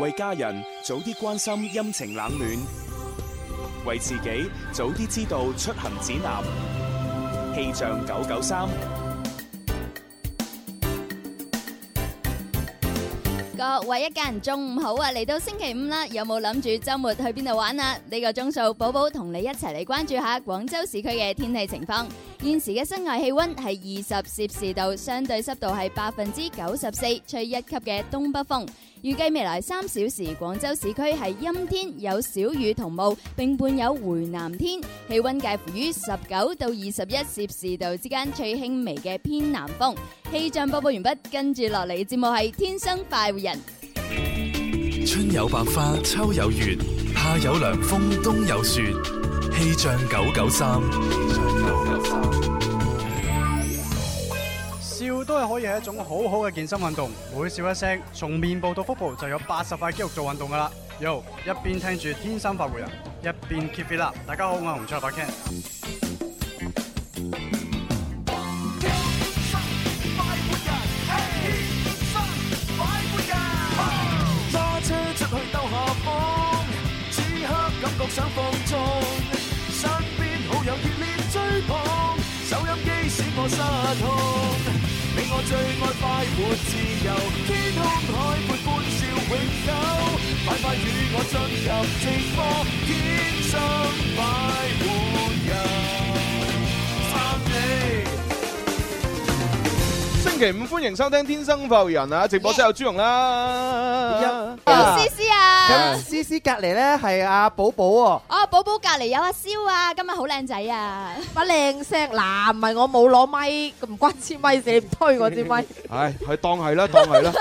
為家人早啲關心陰晴冷暖，為自己早啲知道出行指南。氣象九九三，各位一家人中午好啊！嚟到星期五啦，有冇諗住周末去邊度玩啊？呢個鐘數，寶寶同你一齊嚟關注下廣州市區嘅天氣情況。現時嘅室外氣温係二十攝氏度，相對濕度係百分之九十四，吹一級嘅東北風。預計未來三小時廣州市區係陰天，有小雨同霧，並伴有回南天，氣温介乎於十九到二十一攝氏度之間，吹輕微嘅偏南風。氣象播報完畢，跟住落嚟節目係《天生快活人》。春有百花，秋有月，夏有涼風，冬有雪。氣象九九三。笑都係可以係一種好好嘅健身運動，每笑一聲，從面部到腹部就有八十塊肌肉做運動噶啦。Yo，一邊聽住天生快活人，一邊 keep it up。大家好，我係洪卓柏 Ken。天生快活人，天生快活人，揸 Hey. 車出去兜下風，此刻感覺上最愛快活自由，天空海闊歡笑永久，快快與我進入直播，天生快活。星期五歡迎收聽天生浮人啊！直播室有朱紅啦，有 C C 啊，C C 隔籬咧係阿寶寶哦，寶寶隔籬有阿蕭啊，今日好靚仔啊，把靚聲嗱，唔係我冇攞咪，唔關支咪事，推我支咪，唉，佢當係啦，當係啦，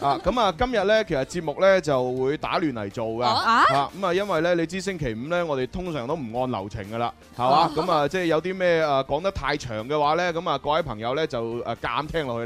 啊，咁啊，今日咧其實節目咧就會打亂嚟做噶。啊，咁啊，因為咧你知星期五咧我哋通常都唔按流程噶啦，係嘛？咁啊，即係有啲咩誒講得太長嘅話咧，咁啊，各位朋友咧就誒減聽落去。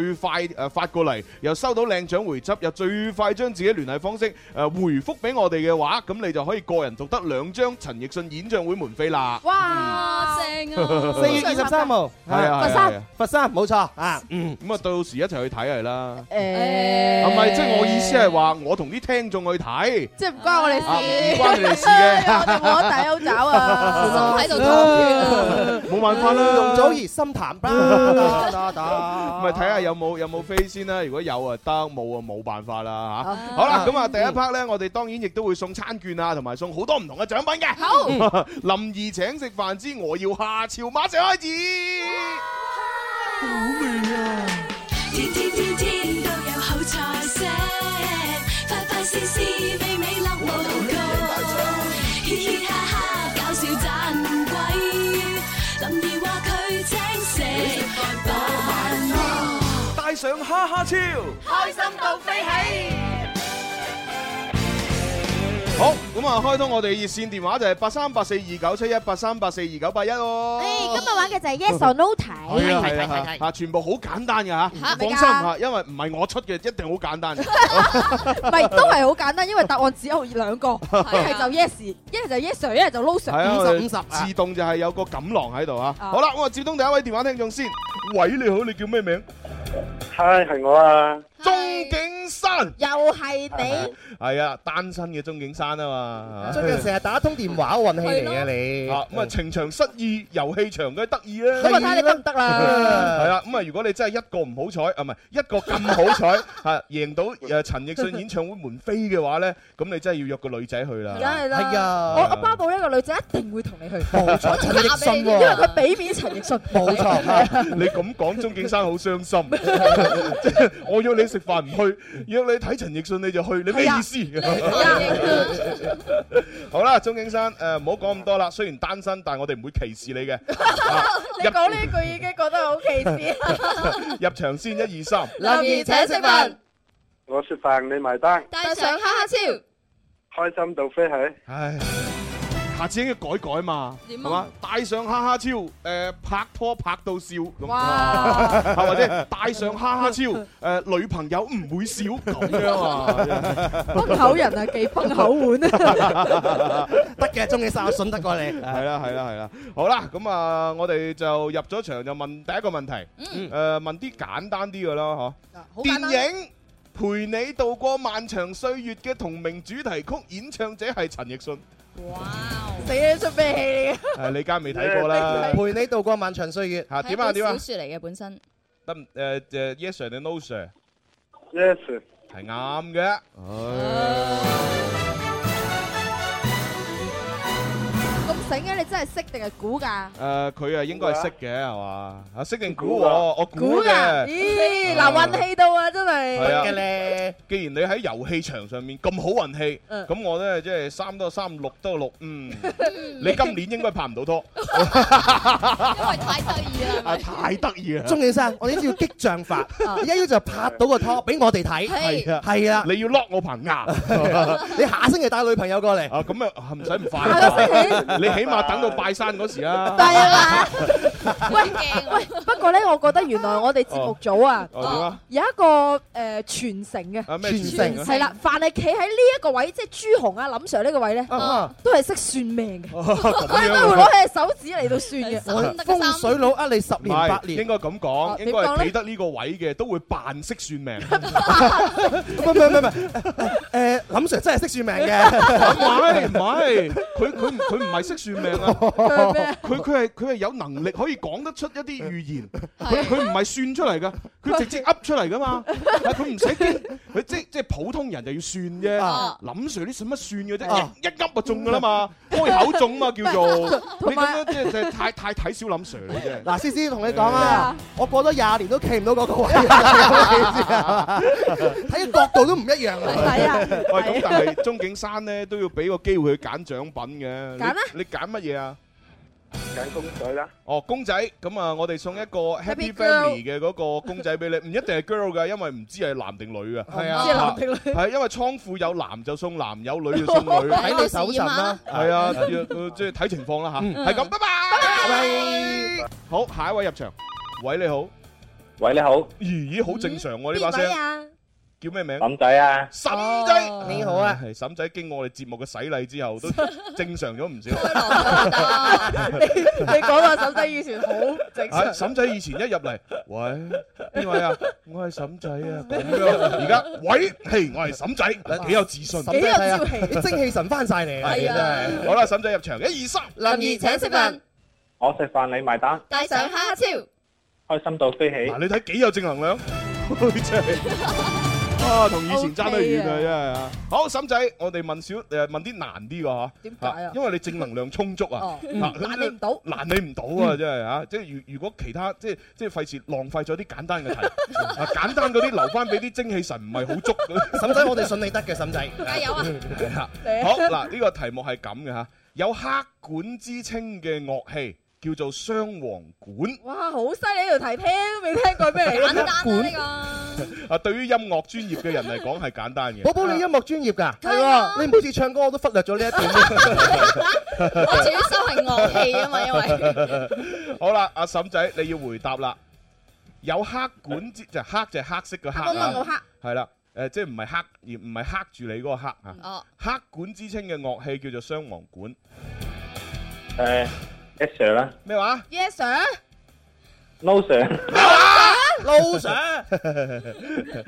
最快誒發過嚟，又收到領獎回執，又最快將自己聯繫方式誒回覆俾我哋嘅話，咁你就可以個人獨得兩張陳奕迅演唱會門飛啦！哇，正啊！四月二十三號，係啊，佛山，佛山冇錯啊。嗯，咁啊，到時一齊去睇係啦。誒，係咪即係我意思係話，我同啲聽眾去睇，即係唔關我哋事，關你哋事嘅。我同我大佬找啊，我喺度彈，冇辦法啦！容祖兒心彈，打打睇下。有冇有冇飛先啦？如果有啊得，冇啊冇辦法啦嚇。啊、好啦了，咁啊，啊，啊第一 part 咧，嗯、我哋當然亦都會送餐券啊，同埋送好多唔同嘅獎品嘅。好， 林二請食飯之我要下朝馬上開始。哇好味啊！天天天天都有好菜食快快上哈哈超，開心到飛起！好，咁啊，開通我哋熱線電話就係八三八四二九七一八三八四二九八一哦。誒，今日玩嘅就係 Yes or No 題，係啊係係啊，全部好簡單嘅吓，放心下，因為唔係我出嘅，一定好簡單。唔係都係好簡單，因為答案只有兩個，一係就 Yes，一係就 Yes or，一係就 No。五十五十，自動就係有個錦囊喺度啊。好啦，我接通第一位電話聽眾先，喂，你好，你叫咩名？嗨，i 係我啊。鍾景山，又係你？係啊，單身嘅鍾景山啊嘛，最近成日打一通電話，運氣嚟啊你，咁啊情場失意，遊戲場嘅得意啦，我睇你得唔得啦？係啦，咁啊，如果你真係一個唔好彩，啊唔係一個咁好彩，吓贏到誒陳奕迅演唱會門飛嘅話咧，咁你真係要約個女仔去啦，梗係啦，我我巴布一個女仔一定會同你去，好彩陳奕迅，因為佢俾面陳奕迅，冇錯，你咁講鍾景山好傷心，即係我要你。食飯唔去，若你睇陳奕迅你就去，你咩意思？好啦，鍾景山，誒，唔好講咁多啦。雖然單身，但我哋唔會歧視你嘅。你講呢句已經覺得好歧視。入場先，一二三，留言請食飯，我食飯你埋單，帶上哈哈超，開心到飛起。唉。下次應該改改嘛，係嘛？戴上哈哈超，誒拍拖拍到笑，咁係或者戴上哈哈超，誒女朋友唔會笑咁樣啊！崩口人啊，幾崩口碗啊？得嘅，中意曬，我信得過你。係啦，係啦，係啦。好啦，咁啊，我哋就入咗場就問第一個問題，誒問啲簡單啲嘅咯，嚇。電影。陪你度過漫長歲月嘅同名主題曲演唱者係陳奕迅。哇！死啦出咩戲嚟嘅？係你家未睇過啦。陪你度過漫長歲月，吓點啊點啊！小說嚟嘅本身。得誒誒，Yes sir 定 No sir？Yes sir 係啱嘅。醒嘅你真係識定係估㗎？誒，佢啊應該係識嘅係嘛？啊，識定估我？我估嘅。咦，嗱運氣到啊，真係。係嘅咧。既然你喺遊戲場上面咁好運氣，咁我咧即係三多三，六多六，嗯，你今年應該拍唔到拖。因為太得意啦。啊，太得意啦！鍾先生，我呢招激將法，一於就拍到個拖俾我哋睇。係啊，係啊，你要攞我棚牙，你下星期帶女朋友過嚟。啊，咁啊，唔使唔快。下星期你。起碼等到拜山嗰時啊，係啊！喂喂，不過咧，我覺得原來我哋節目組啊，有一個誒傳承嘅傳承係啦。凡係企喺呢一個位，即係朱紅啊林 Sir 呢個位咧，都係識算命嘅，都會攞起手指嚟到算嘅。風水佬呃你十年八年，應該咁講，應該係企得呢個位嘅，都會扮識算命。唔唔唔唔，誒，林 Sir 真係識算命嘅，唔係唔係，佢佢佢唔係識算命啊，佢佢係佢係有能力可以。講得出一啲預言，佢佢唔係算出嚟噶，佢直接噏出嚟噶嘛，佢唔使驚，佢即即係普通人就要算啫。林 Sir 啲算乜算嘅啫，一一噏就中噶啦嘛，開口中嘛叫做。你咁樣即係太太睇小林 Sir 啫。嗱，思思同你講啊，我過咗廿年都企唔到嗰個位，睇個角度都唔一樣啊。喂，咁但係鍾景山咧，都要俾個機會去揀獎品嘅，你揀乜嘢啊？揀公仔啦！哦，公仔咁啊，我哋送一個 Happy Family 嘅嗰個公仔俾你，唔一定係 girl 嘅，因為唔知係男定女啊。係啊，男定女，係因為倉庫有男就送男，有女就送女。睇你手殘手神啦，係啊，即係睇情況啦吓，係咁，拜拜，拜拜。係，好，下一位入場。喂，你好，喂，你好，咦咦，好正常喎呢把聲。叫咩名？沈仔啊！沈仔，你好啊！係沈仔，經過我哋節目嘅洗禮之後，都正常咗唔少。你你講話沈仔以前好正常。沈仔以前一入嚟，喂，邊位啊？我係沈仔啊！咁樣，而家，喂，嘿，我係沈仔，幾有自信，幾有朝氣，精氣神翻晒嚟。係啊！好啦，沈仔入場，一二三，林怡請食飯，我食飯你埋單，帶上蝦超，開心到飛起。嗱，你睇幾有正能量？真係。啊，同以前差得遠啦，okay、的真係啊！好，嬸仔，我哋問少誒，問啲難啲嘅吓。點解啊？因為你正能量充足啊，哦嗯、啊難你唔到，難你唔到啊！真係吓、啊，即係如如果其他即係即係費事浪費咗啲簡單嘅題、 啊，簡單嗰啲留翻俾啲精氣神唔係好足。嬸 仔，我哋信你得嘅，嬸仔加油啊！啊好嗱，呢、 這個題目係咁嘅吓，有黑管之稱嘅樂器。叫做雙簧管。哇，好犀利呢條題，聽都未聽過咩嚟？簡單呢個。啊，對於音樂專業嘅人嚟講係簡單嘅。寶寶你音樂專業噶？係你每次唱歌我都忽略咗呢一點。我自己收係樂器啊嘛，因為。好啦，阿嬸仔，你要回答啦。有黑管之就黑就黑色嘅黑。冇冇冇黑。係啦，誒，即係唔係黑而唔係黑住你嗰個黑啊。哦。黑管之稱嘅樂器叫做雙簧管。誒。Yes sir 啦？咩話？Yes sir？No sir？No sir？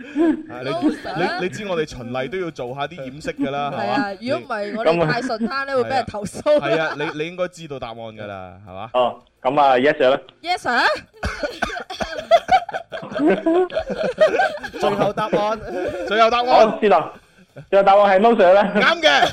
你你你知我哋循例都要做下啲掩飾噶啦，係嘛？如果唔係我哋太順攤咧，會俾人投訴。係啊，你你應該知道答案噶啦，係嘛？哦，咁啊，Yes sir 啦。Yes sir？最後答案？最後答案？我知道，最後答案係 No sir 啦。啱嘅。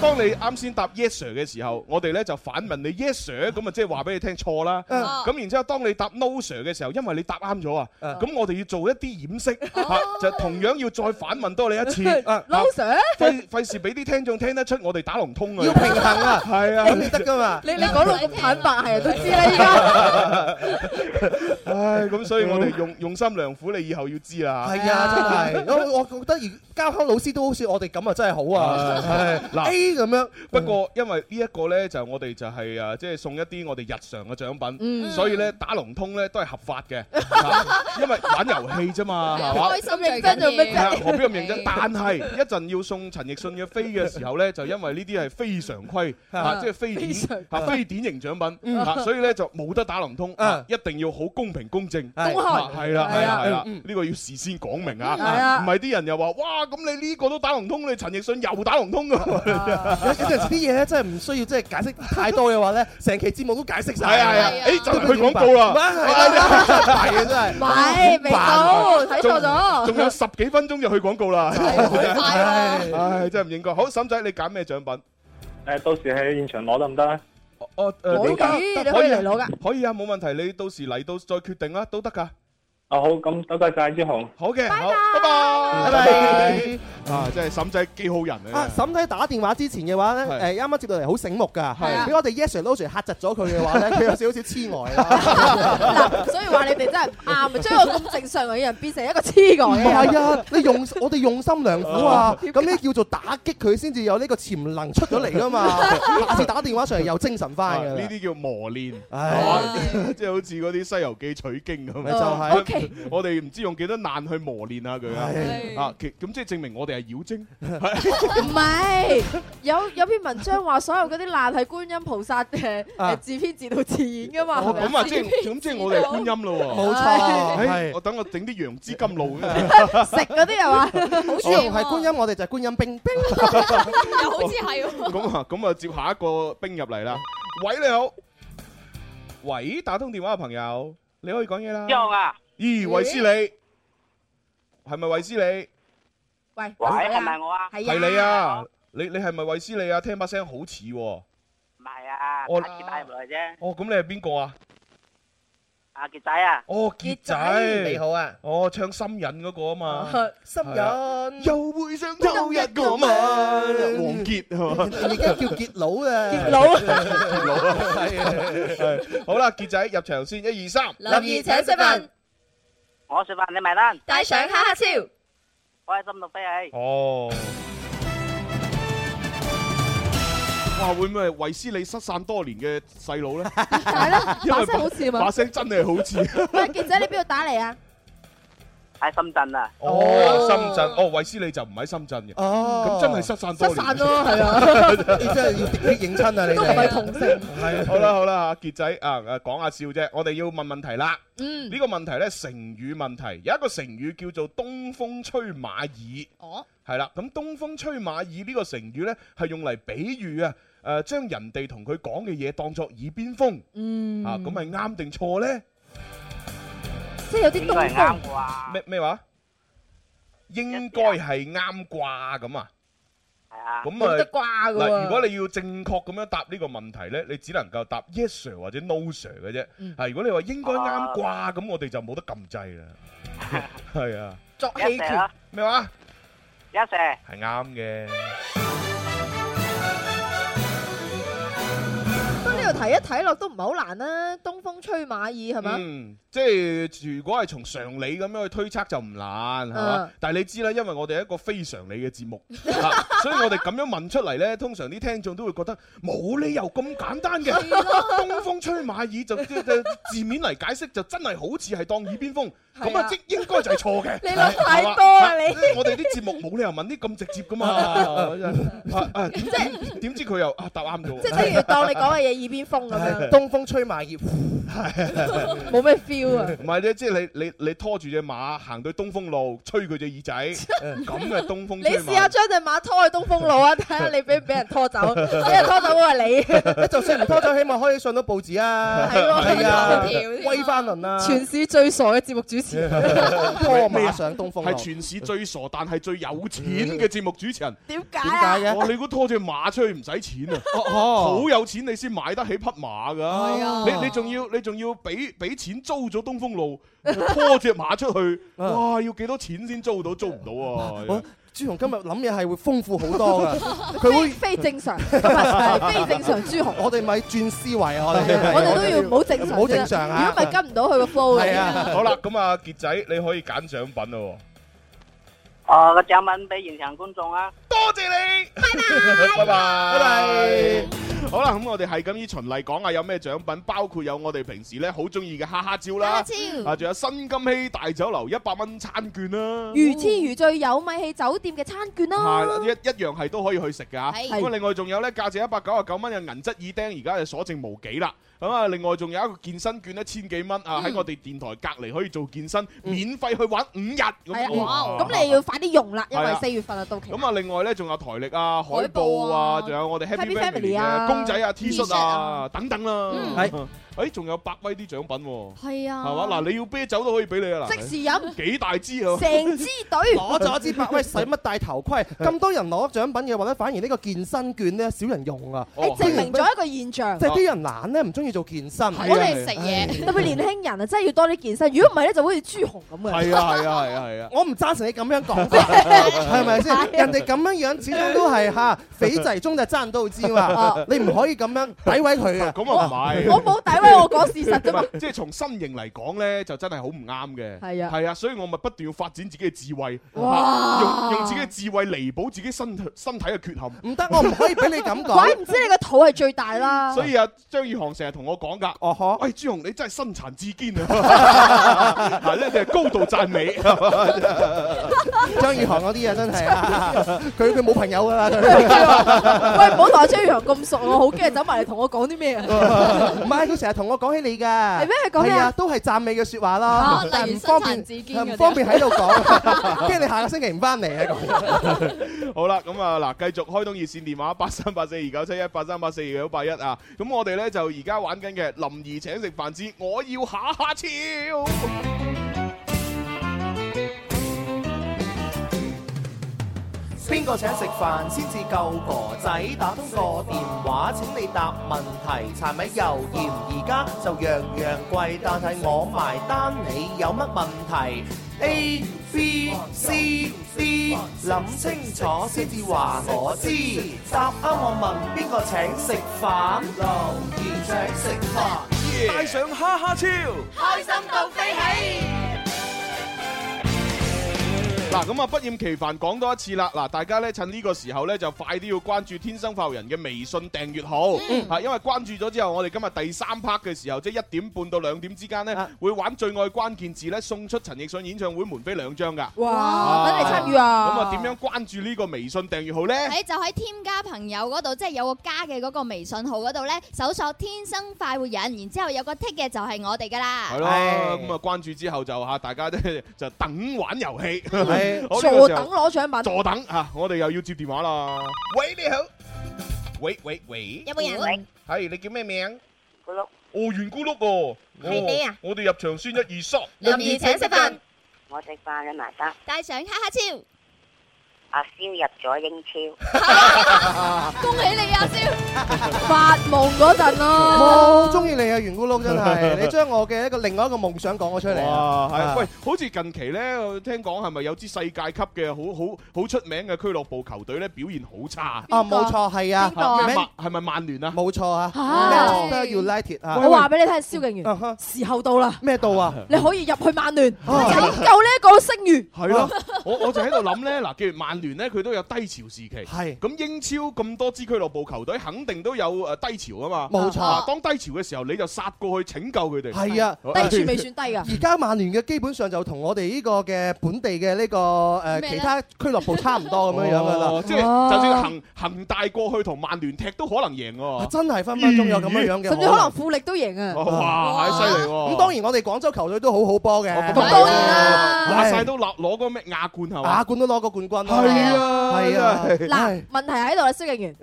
當你啱先答 yes sir 嘅時候，我哋咧就反問你 yes sir，咁啊即係話俾你聽錯啦。咁然之後，當你答 no sir 嘅時候，因為你答啱咗啊，咁我哋要做一啲掩飾，就同樣要再反問多你一次 no sir，費費事俾啲聽眾聽得出我哋打龍通啊。要平衡啊，係啊，咁你得㗎嘛？你你講到咁坦白，係啊，都知啦依家。唉，咁所以我哋用用心良苦，你以後要知啦。係啊，真係。我我覺得而家鄉老師都好似我哋咁啊，真係好啊。嗱。咁樣，不過因為呢一個呢，就我哋就係啊，即係送一啲我哋日常嘅獎品，所以呢，打龍通呢都係合法嘅，因為玩遊戲啫嘛，係開心就認真，何必咁認真？但係一陣要送陳奕迅嘅飛嘅時候呢，就因為呢啲係非常規，即係非典非典型獎品，所以呢，就冇得打龍通，一定要好公平公正，公開係啦係啦，呢個要事先講明啊，唔係啲人又話哇咁你呢個都打龍通，你陳奕迅又打龍通有有陣時啲嘢咧，真係唔需要，即係解釋太多嘅話咧，成期節目都解釋晒啊！哎，就去廣告啦，唔係啊，係啊，真係唔係，明白，睇錯咗，仲有十幾分鐘就去廣告啦，係，唉，真係唔應該。好，沈仔，你揀咩獎品？誒，到時喺現場攞得唔得？哦，我得，可以嚟攞噶，可以啊，冇問題。你到時嚟到再決定啦，都得噶。啊好，咁多謝晒，朱紅。好嘅，好，拜拜，拜拜。啊，即係嬸仔幾好人啊！嬸仔打電話之前嘅話咧，誒啱啱接到嚟好醒目噶，俾我哋 Yes and Nosey，吓窒咗佢嘅話咧，佢有少少痴呆啦。嗱，所以話你哋真係啱，將個咁正常嘅人變成一個痴呆。係啊，你用我哋用心良苦啊，咁呢叫做打擊佢先至有呢個潛能出咗嚟噶嘛。下次打電話上嚟又精神翻嘅啦。呢啲叫磨練，唉，即係好似嗰啲西遊記取經咁。就係。我哋唔知用幾多難去磨練下佢啊，咁即係證明我哋係妖精。唔係，有有篇文章話所有嗰啲難係觀音菩薩嘅自編自導自演噶嘛。咁啊，即係咁即係我哋係觀音咯。冇錯，我等我整啲楊枝甘露啊，食嗰啲係嘛？好似係觀音，我哋就係觀音兵，又好似係。咁啊，咁啊，接下一個兵入嚟啦。喂，你好，喂，打通電話嘅朋友，你可以講嘢啦。一號啊。咦，衛斯理，係咪衛斯理？喂，係咪我啊？係你啊？你你係咪衛斯理啊聽把聲好似喎。唔係啊，阿傑帶入嚟啫。哦，咁你係邊個啊？阿傑仔啊。哦，傑仔，你好啊。哦，唱心癮嗰個啊嘛。心癮又會上周一個吻，王傑你而家叫傑佬啦。傑佬，好啦，傑仔入場先，一二三，林儀請入席。我食飯，你埋單。帶上哈哈笑，開心到飛起。哦。 哇，會唔會維斯利失散多年嘅細佬咧？係咯 把， 把聲好似嘛。把聲真係好似。喂，記者，你邊度打嚟啊？喺深圳啊！哦，深圳，哦，維斯利就唔喺深圳嘅。哦，咁真係失散多年。失散咯，係啊！ 真係要直接影親啊！你都唔喺同城。係。 好啦，好啦杰仔啊，講下笑啫。我哋要問問題啦。嗯。呢個問題咧，成語問題，有一個成語叫做“東風吹馬耳”。哦。係啦，咁“東風吹馬耳”呢個成語咧，係用嚟比喻啊，誒、啊，將人哋同佢講嘅嘢當作耳邊風。嗯、啊。啊，咁係啱定錯咧？即係有啲東方咩咩話？應該係啱掛咁啊！係啊，冇得掛噶喎！嗱，如果你要正確咁樣答呢個問題咧，你只能夠答 yes sir 或者 no sir 嘅啫。啊，如果你話應該啱掛咁，我哋就冇得撳掣啦。係啊，作 A 圖咩話？Yes sir 係啱嘅。睇一睇落都唔係好難啦，東風吹馬耳係嘛？嗯，即係如果係從常理咁樣去推測就唔難係嘛？但係你知啦，因為我哋係一個非常理嘅節目，所以我哋咁樣問出嚟咧，通常啲聽眾都會覺得冇理由咁簡單嘅，東風吹馬耳就即字面嚟解釋就真係好似係當耳邊風，咁啊即應該就係錯嘅。你諗太多呀你！我哋啲節目冇理由問啲咁直接㗎嘛？啊啊點知佢又啊答啱咗？即係譬如當你講嘅嘢耳邊。風咁樣，東風吹埋葉，係冇咩 feel 啊！唔係咧，即係你你你拖住隻馬行到東風路，吹佢隻耳仔，咁嘅東風，你試下將隻馬拖去東風路啊，睇下你俾唔俾人拖走，俾人拖走嗰個係你。你就算唔拖走，起碼可以上到報紙啊！係啊，威翻輪啊。全市最傻嘅節目主持人拖馬上東風路，係全市最傻但係最有錢嘅節目主持人。點解？點解嘅？你估拖住馬出去唔使錢啊？哦哦，好有錢你先買得起。匹馬噶，你你仲要你仲要俾俾錢租咗東風路，拖隻馬出去，哇！要幾多錢先租到？租唔到啊！朱紅今日諗嘢係會豐富好多噶，佢會非正常，非正常。朱紅，我哋咪轉思維啊！我哋我哋都要唔好正常，唔好正常啊！如果咪跟唔到佢個 flow 嘅。係啊，好啦，咁啊，杰仔你可以揀獎品咯。啊，個獎品俾現場觀眾啊！多謝你，拜拜，拜拜。好啦，咁我哋係咁依循例講下有咩獎品，包括有我哋平時呢好中意嘅哈哈蕉啦，啊，仲有新金禧大酒樓一百蚊餐券啦，如痴如醉有米氣酒店嘅餐券啦，啊，係啦，一一樣係都可以去食嘅吓。咁係另外仲有呢價值一百九十九蚊嘅銀質耳釘，而家係所剩無幾啦。咁啊！另外仲有一個健身券一千幾蚊啊！喺我哋電台隔籬可以做健身，免費去玩五日。咁你要快啲用啦，因為四月份啊到期。咁啊！另外呢，仲有台曆啊、海報啊、仲有我哋 Happy Family 啊、公仔啊、T 恤啊等等啦。誒，仲有百威啲獎品喎，係啊，係嘛？嗱，你要啤酒都可以俾你啊，即時飲幾大支啊？成支隊攞咗一支百威，使乜戴頭盔？咁多人攞獎品嘅話咧，反而呢個健身券咧少人用啊！誒，證明咗一個現象，即係啲人懶咧，唔中意做健身，我哋食嘢特別年輕人啊，真係要多啲健身。如果唔係咧，就好似豬紅咁嘅，係啊，係啊，係啊，我唔贊成你咁樣講，係咪先？人哋咁樣樣始終都係嚇，匪馳中就爭到知嘛，你唔可以咁樣詆毀佢。咁啊，我冇詆毀。即係我講事實啫嘛，即係從身形嚟講咧，就真係好唔啱嘅。係啊，係啊，所以我咪不斷要發展自己嘅智慧，用用自己嘅智慧彌補自己身身體嘅缺陷。唔得，我唔可以俾你咁講。鬼唔知你個肚係最大啦。所以啊，張宇航成日同我講㗎。哦呵。喂，朱紅，你真係身殘志堅啊！嗱，呢啲係高度讚美。張宇航嗰啲啊，真係。佢佢冇朋友㗎啦。喂，唔好同阿張宇航咁熟，我好驚走埋嚟同我講啲咩啊！唔係，佢成日，同我講起你嘅係咩？係講係啊，都係讚美嘅説話啦。但唔、啊、方便自唔、嗯、方便喺度講。驚 你下個星期唔翻嚟啊！好啦，咁啊嗱，繼續開通熱線電話八三八四二九七一八三八四二九八一啊。咁我哋咧就而家玩緊嘅林兒請食飯之我要下下超。 邊個請食飯先至夠？哥仔打通個電話請你答問題，柴米油鹽而家就樣樣貴，但係我埋單，你有乜問題？A B C D，諗清楚先至話我知。答啱我問邊個請食飯？留言請食飯，yeah. 帶上哈哈超，開心到飛起。嗱，咁啊，嗯、不厭其煩講多一次啦。嗱，大家咧趁呢個時候咧就快啲要關注天生快活人嘅微信訂閱號，吓、嗯，因為關注咗之後，我哋今日第三 part 嘅時候，即係一點半到兩點之間咧，會玩最愛關鍵字咧送出陳奕迅演唱會門飛兩張噶。哇！等你參與啊！咁啊，點、啊、樣關注呢個微信訂閱號咧？喺、哎、就喺添加朋友嗰度，即、就、係、是、有個加嘅嗰個微信號嗰度咧，搜索天生快活人，然後之後有個 tick 嘅就係我哋噶啦。係咯、哎，咁啊、嗯、關注之後就吓，大家咧就等玩遊戲。嗯坐等攞獎品，坐等吓，我哋又要接電話啦。喂，你好，喂喂喂，有冇人？係，你叫咩名？咕碌，哦，圓咕碌哦，係你啊！我哋入場先，一二三，林怡請食飯，我食飯你埋單，帶上黑黑超。阿蕭入咗英超，恭喜你阿蕭！發夢嗰陣咯，好中意你啊，圓咕碌真係，你將我嘅一個另外一個夢想講咗出嚟啊，係喂，好似近期咧，聽講係咪有支世界級嘅好好好出名嘅俱樂部球隊咧，表現好差啊？冇錯，係啊，係咪曼聯啊？冇錯啊，都要拉鐵啊！我話俾你聽，蕭敬源，時候到啦，咩到啊？你可以入去曼聯，拯救呢一個聲譽。係咯，我我就喺度諗咧，嗱，譬如萬。聯呢，佢都有低潮時期，係咁英超咁多支俱樂部球隊肯定都有誒低潮啊嘛。冇錯，當低潮嘅時候你就殺過去拯救佢哋。係啊，低潮未算低噶。而家曼聯嘅基本上就同我哋呢個嘅本地嘅呢個誒其他俱樂部差唔多咁樣樣噶啦。即係就算恒恆大過去同曼聯踢都可能贏㗎。真係分分鐘有咁樣樣嘅，甚至可能富力都贏啊！哇，犀利喎！咁當然我哋廣州球隊都好好波嘅，當然啦，話晒都攞攞個咩亞冠係嘛？亞冠都攞過冠軍。係啊，係啊，嗱，問題喺度啦，蕭敬員，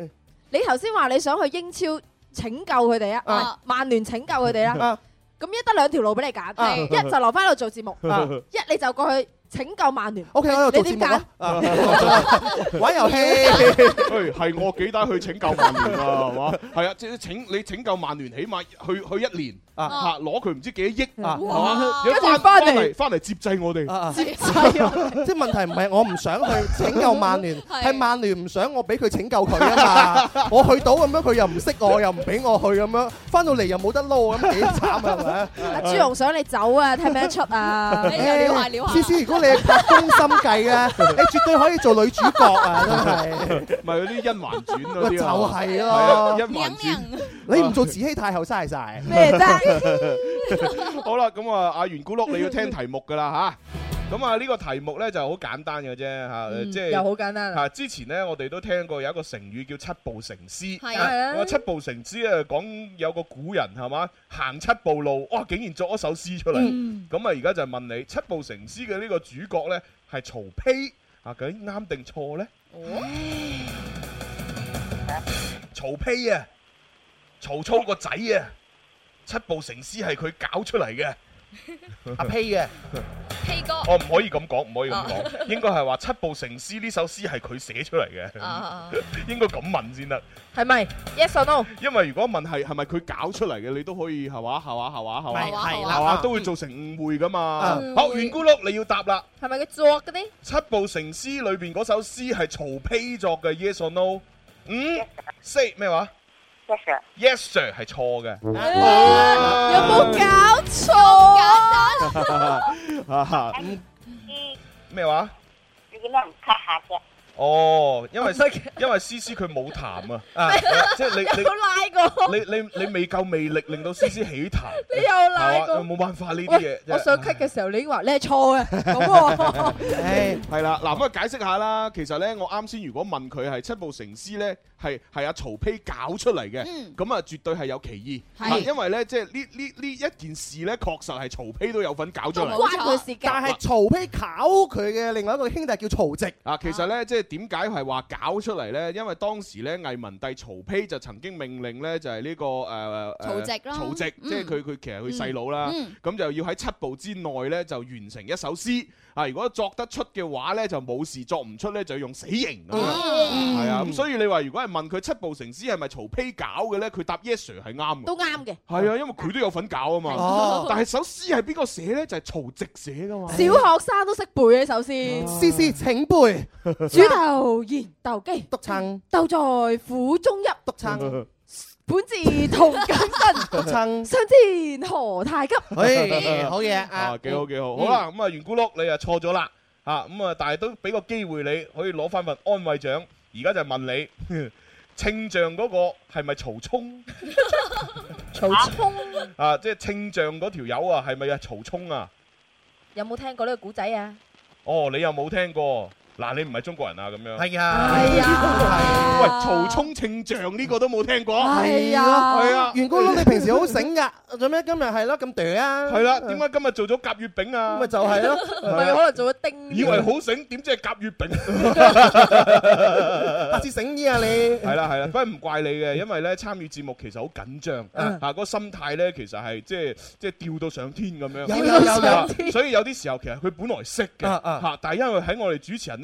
你頭先話你想去英超拯救佢哋啊，曼聯拯救佢哋啦，咁一得兩條路俾你揀，一就留翻喺度做節目，一你就過去。拯救曼聯。O K，我又做先啦。玩遊戲，係我幾大去拯救曼聯啊，係嘛？係啊，即係請你拯救曼聯，起碼去去一年啊，嚇攞佢唔知幾多億啊，係嘛？有得翻翻嚟，翻嚟接濟我哋。接濟啊！即係問題唔係我唔想去拯救曼聯，係曼聯唔想我俾佢拯救佢啊嘛。我去到咁樣，佢又唔識我，又唔俾我去咁樣，翻到嚟又冇得撈，咁幾慘啊！係咪？阿朱紅想你走啊，睇咩出啊？黐線！如果你拍宮心計咧，你絕對可以做女主角啊！真係，咪嗰啲《甄嬛傳》嗰啲咯，就係咯，《甄嬛傳》，你唔做慈禧太后嘥曬咩得？好啦，咁啊，阿袁古碌你要聽題目噶啦嚇。咁啊，呢個題目呢就好簡單嘅啫吓，啊嗯、即係是又好簡單吓、啊。之前呢，我哋都聽過有一個成語叫七步成詩。係啊，啊，七步成詩啊，講有個古人係嘛行七步路，哇，竟然作一首詩出嚟。咁、嗯、啊，而家就問你，七步成詩嘅呢個主角呢，係曹丕啊，究竟啱定錯呢？嗯，曹丕啊，曹操個仔啊，七步成詩係佢搞出嚟嘅。阿屁嘅屁哥，我唔、哦、可以咁講，唔可以咁講，啊、應該係話七步成詩呢首詩係佢寫出嚟嘅，啊、 應該咁問先得，係咪？Yes or no？因為如果問係係咪佢搞出嚟嘅，你都可以係話係話係話係話係話，吧吧都會造成誤會噶嘛。啊、好，袁古碌你要答啦，係咪佢作嘅呢？七步成詩裏邊嗰首詩係曹丕作嘅，Yes or no？五？識咩話？Yes. Yes sir，Yes sir 係錯嘅，有冇搞錯？咩話？你點解唔卡下嘅？哦，因為師因為思思佢冇彈啊，啊，即係你你你你未夠魅力令到思思起彈，你又拉個冇辦法呢啲嘢。我想咳嘅時候你已經話你係錯嘅，咁，係啦，嗱咁啊解釋下啦。其實咧，我啱先如果問佢係七步成詩咧，係係阿曹丕搞出嚟嘅，咁啊絕對係有歧義，係因為咧即係呢呢呢一件事咧，確實係曹丕都有份搞出嚟，都關佢事，但係曹丕搞佢嘅另外一個兄弟叫曹植啊，其實咧即係。點解係話搞出嚟呢？因為當時咧魏文帝曹丕就曾經命令咧、這個，就係呢個誒曹植啦，曹植，嗯、即係佢佢其實佢細佬啦，咁、嗯、就要喺七步之內咧就完成一首詩。啊！如果作得出嘅話咧，就冇事；作唔出咧，就要用死刑咁樣，嗯、啊！咁所以你話如果係問佢七步成詩係咪曹丕搞嘅咧，佢答 Yes Sir 係啱嘅，都啱嘅，係啊！因為佢都有份搞啊嘛，哦、但係首詩係邊個寫咧？就係曹植寫噶嘛。小學生都識背呢首、哎、詩，詩詩請背。 煮豆燃豆萁，豆岑在釜中泣。岑 本自同根生，生相煎何太急？好嘢 啊，幾好幾好。好啦，咁啊、嗯，圓咕碌你啊錯咗啦，吓，咁啊，但係都俾個機會你，可以攞翻份安慰獎。而家就問你，稱象嗰個係咪曹沖？曹沖啊，即係稱象嗰條友啊，係咪啊曹沖啊？有冇聽過呢個古仔啊？哦，你又冇聽過？嗱，你唔係中國人啊？咁樣係啊，係啊，喂，曹沖稱象呢個都冇聽過，係啊，係啊，袁哥哥你平時好醒㗎，做咩今日係咯咁短啊？係啦，點解今日做咗甲月餅啊？咁咪就係咯，咪可能做咗丁。以為好醒，點知係甲月餅？下次醒啲啊你！係啦係啦，不過唔怪你嘅，因為咧參與節目其實好緊張，嚇個心態咧其實係即係即係吊到上天咁樣，有有有所以有啲時候其實佢本來識嘅，嚇，但係因為喺我哋主持人。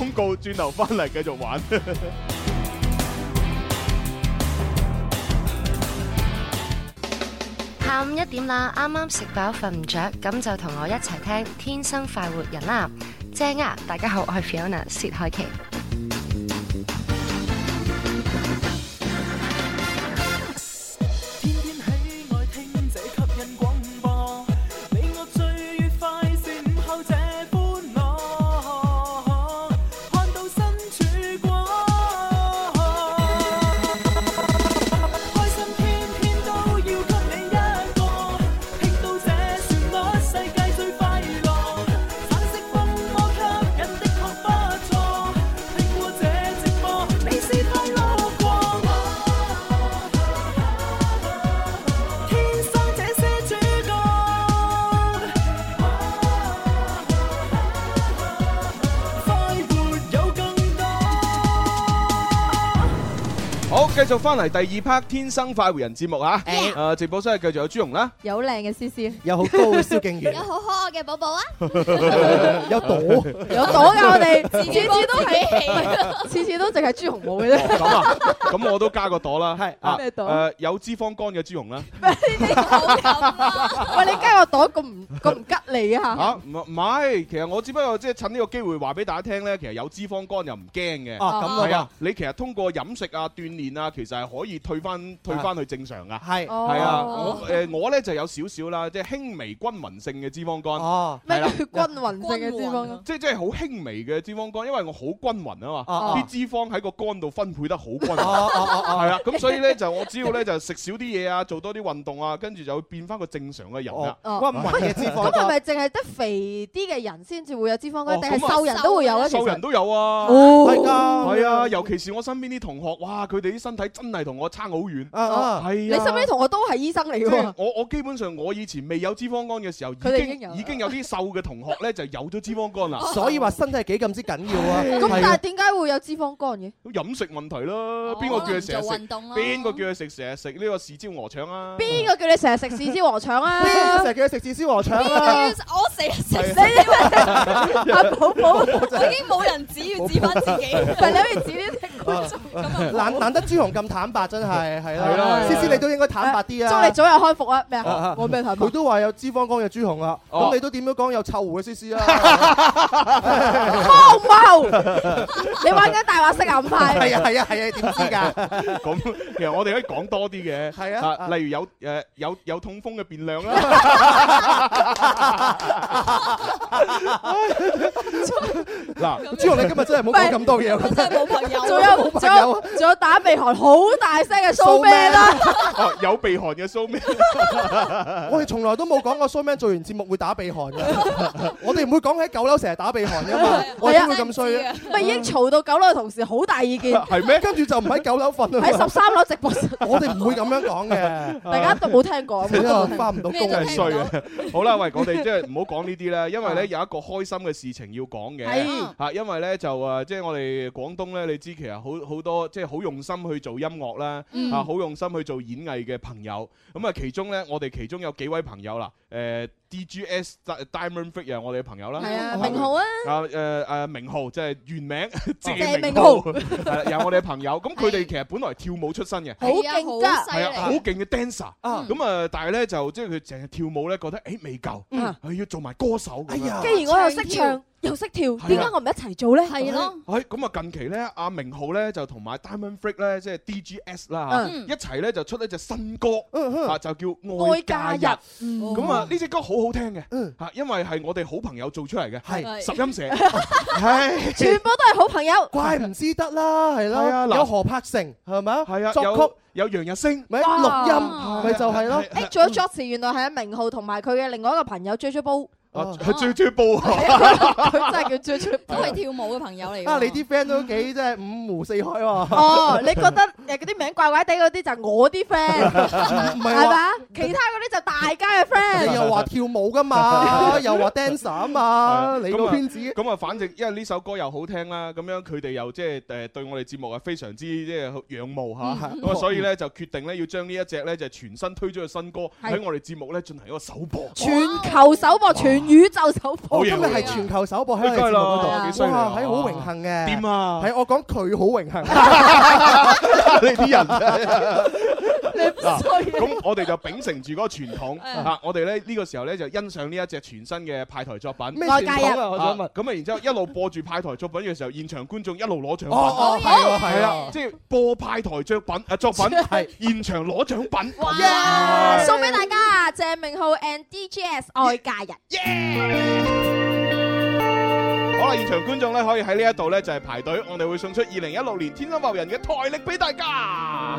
公告轉頭返嚟繼續玩 。下午一點啦，啱啱食飽瞓唔着。咁就同我一齊聽《天生快活人》啦，正啊！大家好，我係 Fiona 薛凱琪。繼續翻嚟第二 part 天生快活人節目啊。誒，誒，直播室繼續有朱紅啦，有靚嘅 C C，有好高嘅蕭敬堯，有好可愛嘅寶寶啊，有朵有朵嘅我哋，次次都起起，次次都淨係朱紅冇嘅啫，咁啊，咁我都加個朵啦，係啊，咩朵？誒，有脂肪肝嘅朱紅啦，喂，你加個朵咁唔咁唔吉利啊吓？唔唔係，其實我只不過即係趁呢個機會話俾大家聽咧，其實有脂肪肝又唔驚嘅，啊，咁啊，你其實通過飲食啊、鍛煉啊。其實係可以退翻退翻去正常噶，係係啊！我誒我咧就有少少啦，即係輕微均勻性嘅脂肪肝。哦，咩叫均勻性嘅脂肪肝？即係即係好輕微嘅脂肪肝，因為我好均勻啊嘛，啲脂肪喺個肝度分配得好均勻。係啊，咁所以咧就我只要咧就食少啲嘢啊，做多啲運動啊，跟住就會變翻個正常嘅人啦。哦，唔係嘅脂肪肝。咁係咪淨係得肥啲嘅人先至會有脂肪肝，定係瘦人都會有咧？瘦人都有啊，係啊，尤其是我身邊啲同學，哇！佢哋啲身睇真係同我差好遠，你身邊同學都係醫生嚟嘅。我我基本上我以前未有脂肪肝嘅時候，已經已經有啲瘦嘅同學咧就有咗脂肪肝啦。所以話身體幾咁之緊要啊！咁但係點解會有脂肪肝嘅？咁飲食問題咯，邊個叫佢成日食？邊個叫佢食成日食呢個豉椒鵝腸啊？邊個叫你成日食豉椒鵝腸啊？成日叫佢食豉椒鵝腸啊？我成日食你阿寶寶，我已經冇人指要指翻自己，就係你係指啲觀眾咁啊！難得朱咁坦白真係係啦，思思你都應該坦白啲啊！祝你早日康復啊！咩啊？我咩坦白？佢都話有脂肪肝，有朱紅啊！咁你都點樣講有臭狐嘅思思啊？湯姆，你玩緊大話骰啊？唔係。係啊係啊係啊！點知㗎？咁其實我哋可以講多啲嘅。係啊，例如有誒有有痛風嘅變量啦。嗱，朱紅你今日真係唔好講咁多嘢啊！真係冇朋友，仲有仲有仲有打鼻鼾。好大聲嘅蘇明啦！有鼻鼾嘅蘇明，我哋從來都冇講過蘇明做完節目會打鼻鼾嘅。我哋唔會講喺九樓成日打鼻鼾噶嘛，我哋點會咁衰啊！咪已經嘈到九樓嘅同事好大意見，係咩？跟住就唔喺九樓瞓啦，喺十三樓直播。我哋唔會咁樣講嘅，大家都冇聽過。我返唔到工係衰啊！好啦，喂，我哋即係唔好講呢啲啦，因為咧有一個開心嘅事情要講嘅嚇，因為咧就誒即係我哋廣東咧，你知其實好好多即係好用心去做。做音樂啦，嗯，啊，好用心去做演藝嘅朋友，咁，嗯，啊，其中咧，我哋其中有幾位朋友啦。誒 DGS Diamond Freak 啊，又係我哋朋友啦，係啊，明浩啊，啊誒誒明浩即係原名，即係謝明浩，係啦，有我哋朋友咁，佢哋其實本來跳舞出身嘅，好勁㗎，係啊，好勁嘅 dancer 啊，咁啊，但係咧就即係佢成日跳舞咧，覺得誒未夠，係要做埋歌手，哎呀，既然我又識唱又識跳，點解我唔一齊做咧？係咯，係咁啊，近期咧，阿明浩咧就同埋 Diamond Freak 咧，即係 DGS 啦，一齊咧就出一隻新歌，啊，就叫《愛假日》，咁啊。呢隻歌好好聽嘅，嚇，因為係我哋好朋友做出嚟嘅，係十音社，係全部都係好朋友，怪唔之得啦，係咯，有何柏成係咪啊？作曲有楊日昇，錄音咪就係咯，誒，仲有作詞原來係阿明浩同埋佢嘅另外一個朋友 JJ 煲。Oh, 啊，最最暴，佢真係叫最最都係跳舞嘅朋友嚟。啊，你啲 friend 都幾即係五湖四海喎。哦，你覺得誒嗰啲名怪怪地嗰啲就係我啲 friend，係嘛？其他嗰啲就大家嘅 friend 對。又話跳舞噶嘛， 又話 dancer 啊嘛， 你個圈子、嗯。咁啊，反正因為呢首歌又好聽啦，咁樣佢哋又即係誒對我哋節目係非常之即係仰慕吓。咁啊，所以咧就決定咧要將呢一隻咧就係全新推出嘅新歌喺我哋節目咧進行一個首播，啊哦。全球首播全。宇宙首播，oh yeah, oh yeah. 今日係全球首播喺節目嗰度，哇，係好榮幸嘅。掂啊，係我講佢好榮幸，你哋啲人。咁我哋就秉承住嗰個傳統啊，我哋咧呢個時候咧就欣賞呢一隻全新嘅派台作品。咩外界人，我想問。咁啊，然之後一路播住派台作品嘅時候，現場觀眾一路攞獎品。哦哦，係係啊，即係播派台作品啊，作品係現場攞獎品。哇！送俾大家，鄭明浩 and D J S 外界人。耶！好啦，現場觀眾咧可以喺呢一度咧就係排隊，我哋會送出二零一六年天生快活人嘅檯曆俾大家。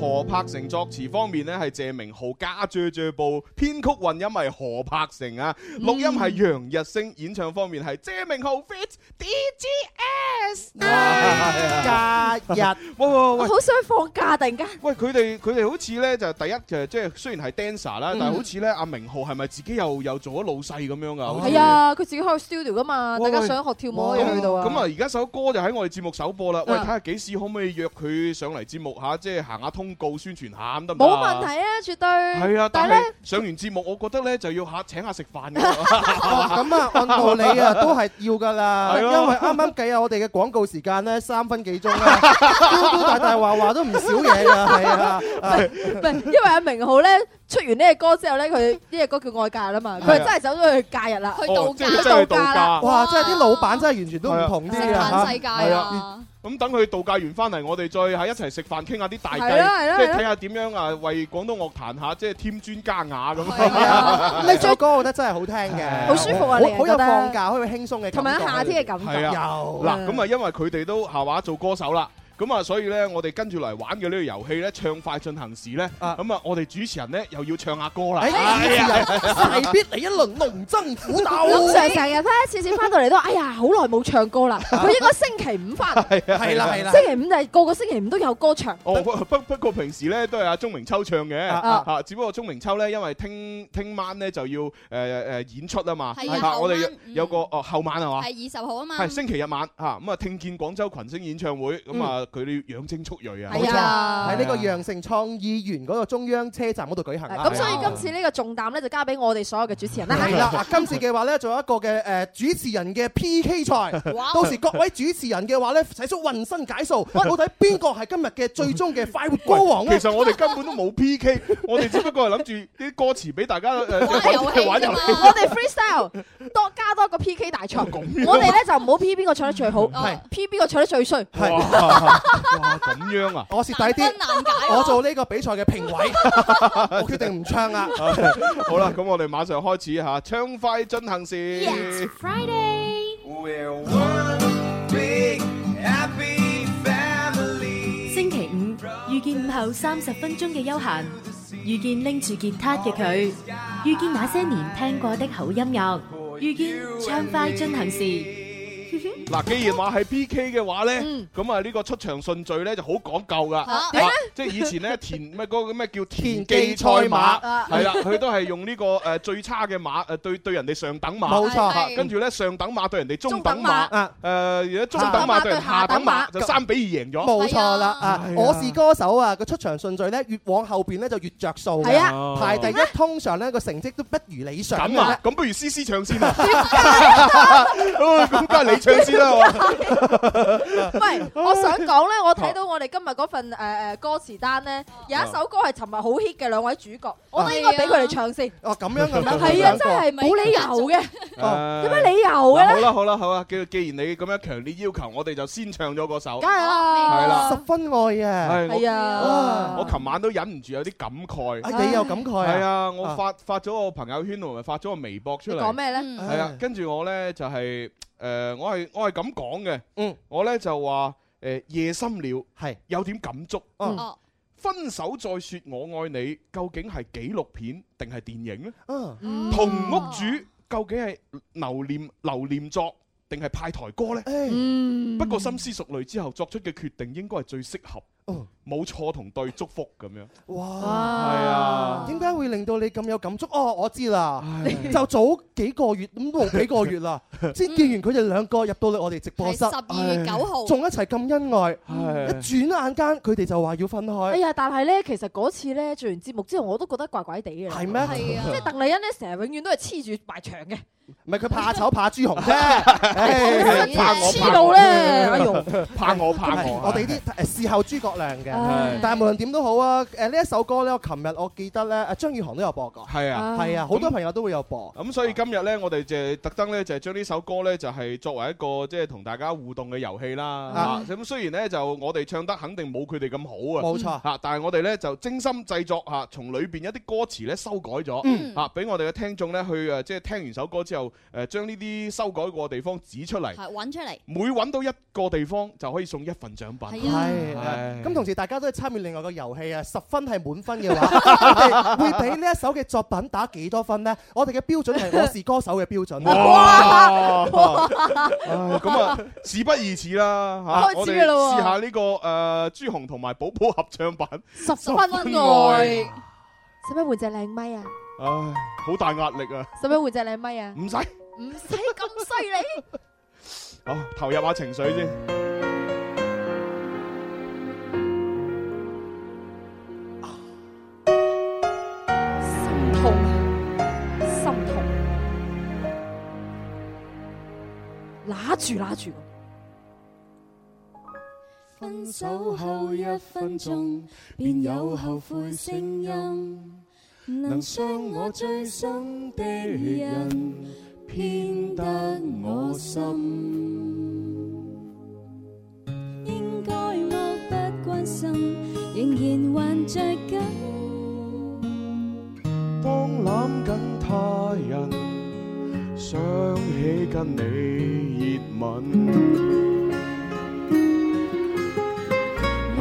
何柏成，作詞方面咧係謝明豪加朱朱布，編曲混音係何柏成啊，錄音係楊日升，演唱方面係謝明豪 fit D G M。加日，我好想放假突然間。喂，佢哋，佢哋好似咧就第一就即係雖然係 dancer 啦，但係好似咧阿明浩係咪自己又又做咗老細咁樣噶？係啊，佢自己開 studio 噶嘛，大家想學跳舞可以去到啊。咁啊，而家首歌就喺我哋節目首播啦。喂，睇下幾時可唔可以約佢上嚟節目下，即係行下通告宣傳下得唔得？冇問題啊，絕對。係啊，但係上完節目，我覺得咧就要下請下食飯嘅。咁啊，按道理啊都係要噶啦，因為啱啱計下我哋嘅。廣告時間咧三分幾鐘啦，嘟嘟大大話話都唔少嘢㗎，係啊！唔、 啊、因為阿明浩咧出完呢隻歌之後咧，佢呢隻歌叫《外界》啦嘛，佢、啊、真係走咗去假日啦，哦、去度假去度假啦！哇，真係啲老闆真係完全都唔同啲啊，啊世界啊！ 咁、嗯、等佢度假完翻嚟，我哋再喺一齊食飯，傾下啲大計，即係睇下點樣啊，啊啊樣為廣東樂壇下，即、就、係、是、添磚加瓦咁。呢首歌我覺得真係好聽嘅，好、啊、舒服啊，好,好有放假，可以輕鬆嘅感覺，同埋夏天嘅感覺。有嗱，咁啊，因為佢哋都下話做歌手啦。咁啊，所以咧，我哋跟住嚟玩嘅呢個遊戲咧，唱快進行時咧。咁啊，我哋主持人咧又要唱下歌啦。哎呀，大逼嚟一輪龍爭虎鬥。老常成日咧，次次翻到嚟都，哎呀，好耐冇唱歌啦。佢應該星期五翻。係啊，係啦，係啦。星期五就係個個星期五都有歌唱。哦，不不過平時咧都係阿鍾明秋唱嘅。啊，只不過鍾明秋咧，因為聽聽晚咧就要誒誒演出啊嘛。係啊，我哋有個哦後晚係嘛？係二十號啊嘛。係星期日晚嚇，咁啊聽見廣州群星演唱會咁啊。佢啲養精蓄鋭啊！係啊，喺呢個羊城創意園嗰個中央車站嗰度舉行。咁所以今次呢個重擔咧就交俾我哋所有嘅主持人啦。係啦，今次嘅話咧，仲有一個嘅誒主持人嘅 P K 賽，到時各位主持人嘅話咧，使出渾身解數，到底邊個係今日嘅最終嘅快活歌王咧？其實我哋根本都冇 P K，我哋只不過係諗住啲歌詞俾大家誒玩遊戲，我哋 freestyle 多加多個 P K 大賽，我哋咧就唔好 P 邊個唱得最好，P 邊個唱得最衰。哇，咁樣啊！我蝕底啲，難難我做呢個比賽嘅評委， 我決定唔唱啦！ 好啦，咁我哋馬上開始吓，唱快進行時。星期五遇見午後三十分鐘嘅悠閒，遇見拎住吉他嘅佢，遇見那些年聽過的好音樂，遇見唱快進行時。嗱，既然話係 P K 嘅話咧，咁啊呢個出場順序咧就好講究㗎，即係以前咧田咩嗰個咩叫田忌賽馬，係啦，佢都係用呢個誒最差嘅馬誒對對人哋上等馬，冇錯吓，跟住咧上等馬對人哋中等馬，誒，而家中等馬馬對人下等馬就三比二贏咗。冇錯啦，啊！我是歌手啊個出場順序咧越往後邊咧就越着數，係啊，排第一通常咧個成績都不如理想。咁啊，咁不如詩詩唱先啊，咁梗係你唱先。喂，我想講咧，我睇到我哋今日嗰份誒誒歌詞單咧，有一首歌係尋日好 hit 嘅兩位主角，我覺得應該俾佢哋唱先。哦，咁樣嘅係啊，真係冇理由嘅。有咩理由嘅咧？好啦，好啦，好啦。既既然你咁樣強烈要求，我哋就先唱咗嗰首。梗係啦，十分愛啊。係啊，我琴晚都忍唔住有啲感慨。你有感慨啊？啊，我發發咗個朋友圈同埋發咗個微博出嚟。講咩咧？係啊，跟住我咧就係。誒，我係我係咁講嘅，嗯，我呢就話誒夜深了，係有點感觸，嗯，分手再説我愛你，究竟係紀錄片定係電影呢？嗯，同屋主究竟係留念留念作定係派台歌呢？嗯，不過深思熟慮之後作出嘅決定應該係最適合。冇錯、哦、同對祝福咁樣，哇，係是啊，點解會令到你咁有感觸？哦，我知啦， 就早幾個月咁，冇、嗯、幾個月啦，先 見完佢哋兩個入到嚟我哋直播室，十二月九號，仲、哎、一齊咁恩愛，哎、一轉眼間佢哋就話要分開。哎呀，但係呢，其實嗰次呢，做完節目之後，我都覺得怪怪地嘅，係咩嗎？ 是啊，因為鄧麗欣呢，成日永遠都係黐住埋牆嘅。唔係佢怕醜怕朱紅啫，怕我黐路咧，用怕我怕我，我哋啲事後諸葛亮嘅。但係無論點都好啊，誒呢一首歌咧，我琴日我記得咧，阿張宇航都有播過，係啊係啊，好多朋友都會有播。咁所以今日咧，我哋就特登咧，就將呢首歌咧，就係作為一個即係同大家互動嘅遊戲啦。咁雖然咧就我哋唱得肯定冇佢哋咁好啊，冇錯吓，但係我哋咧就精心製作吓，從裏邊一啲歌詞咧修改咗吓，俾我哋嘅聽眾咧去誒即係聽完首歌之後。就誒將呢啲修改過嘅地方指出嚟，揾出嚟，每揾到一個地方就可以送一份獎品。係咁同時大家都參與另外個遊戲啊，十分係滿分嘅話，我會俾呢一首嘅作品打幾多分呢？我哋嘅標準係我是歌手嘅標準。咁啊，事不宜遲啦嚇，開始啦，試下呢個誒朱紅同埋寶寶合唱版十分愛，使唔使換隻靚咪啊？唉，好大壓力啊！使唔使回隻靚咪啊？唔使用，唔使咁犀利。啊 你，投入下情緒先。心痛，心痛，揦住揦住。拿分手後一分鐘，便有後悔聲音。能傷我最深的人，偏得我心。應該漠不關心，仍然還着緊。當攬緊他人，想起跟你熱吻。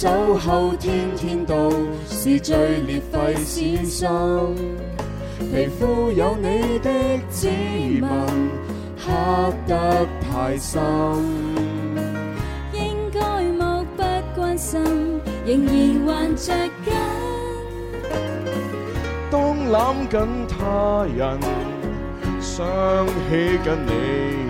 走後天天到是最裂肺私心，皮膚有你的指紋刻得太深， 應該漠不關心，仍然還着緊。當攬緊他人，想起跟你。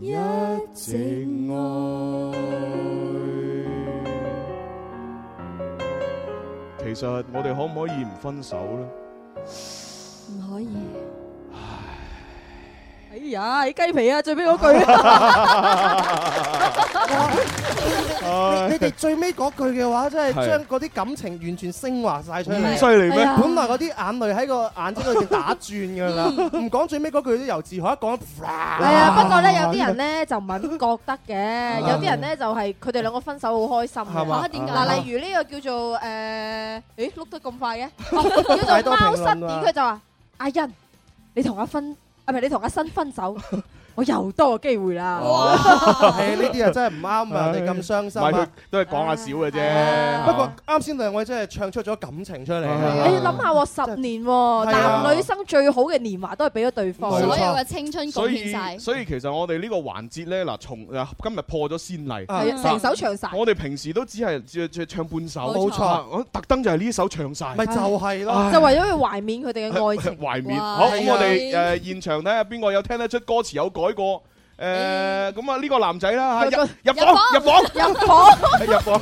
一直愛。其實我哋可唔可以唔分手呢？唔可以。哎呀，你雞皮啊！最尾嗰句，你你哋最尾嗰句嘅話，真係將嗰啲感情完全升華晒出嚟，衰嚟咩？本來嗰啲眼淚喺個眼睛度打轉噶啦，唔講最尾嗰句都由自海一講，係啊。不過咧，有啲人咧就唔係咁覺得嘅，有啲人咧就係佢哋兩個分手好開心嘅，點解？嗱，例如呢個叫做誒，咦，碌得咁快嘅，叫做貓失戀，佢就話阿欣，你同阿芬。係咪你同阿新分手？ 我又多個機會啦！哇，係呢啲啊，真係唔啱啊！你咁傷心，都係講下少嘅啫。不過啱先兩位真係唱出咗感情出嚟。你要諗下喎，十年男女生最好嘅年華都係俾咗對方，所有嘅青春講完曬。所以其實我哋呢個環節咧，嗱，從今日破咗先例，成首唱晒。我哋平時都只係唱半首，冇錯。我特登就係呢首唱晒。咪就係咯，就為咗去懷緬佢哋嘅愛情。懷緬好，咁我哋誒現場睇下邊個有聽得出歌詞有改？改過誒，咁啊呢個男仔啦，入入房，入房，入房，入房。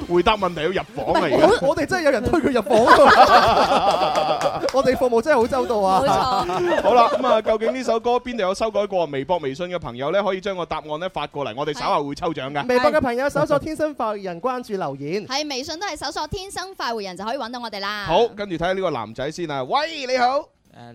回答問題要入房嚟嘅是，我哋真係有人推佢入房 我哋服務真係好周到啊！沒錯 好啦，咁、嗯、啊，究竟呢首歌邊度有修改過？微博、微信嘅朋友咧，可以將個答案咧發過嚟，我哋稍後會抽獎噶。微博嘅朋友搜索天生快活人，關注留言。係微信都係搜索天生快活人就可以搵到我哋啦。好，跟住睇下呢個男仔先啊！喂，你好。誒，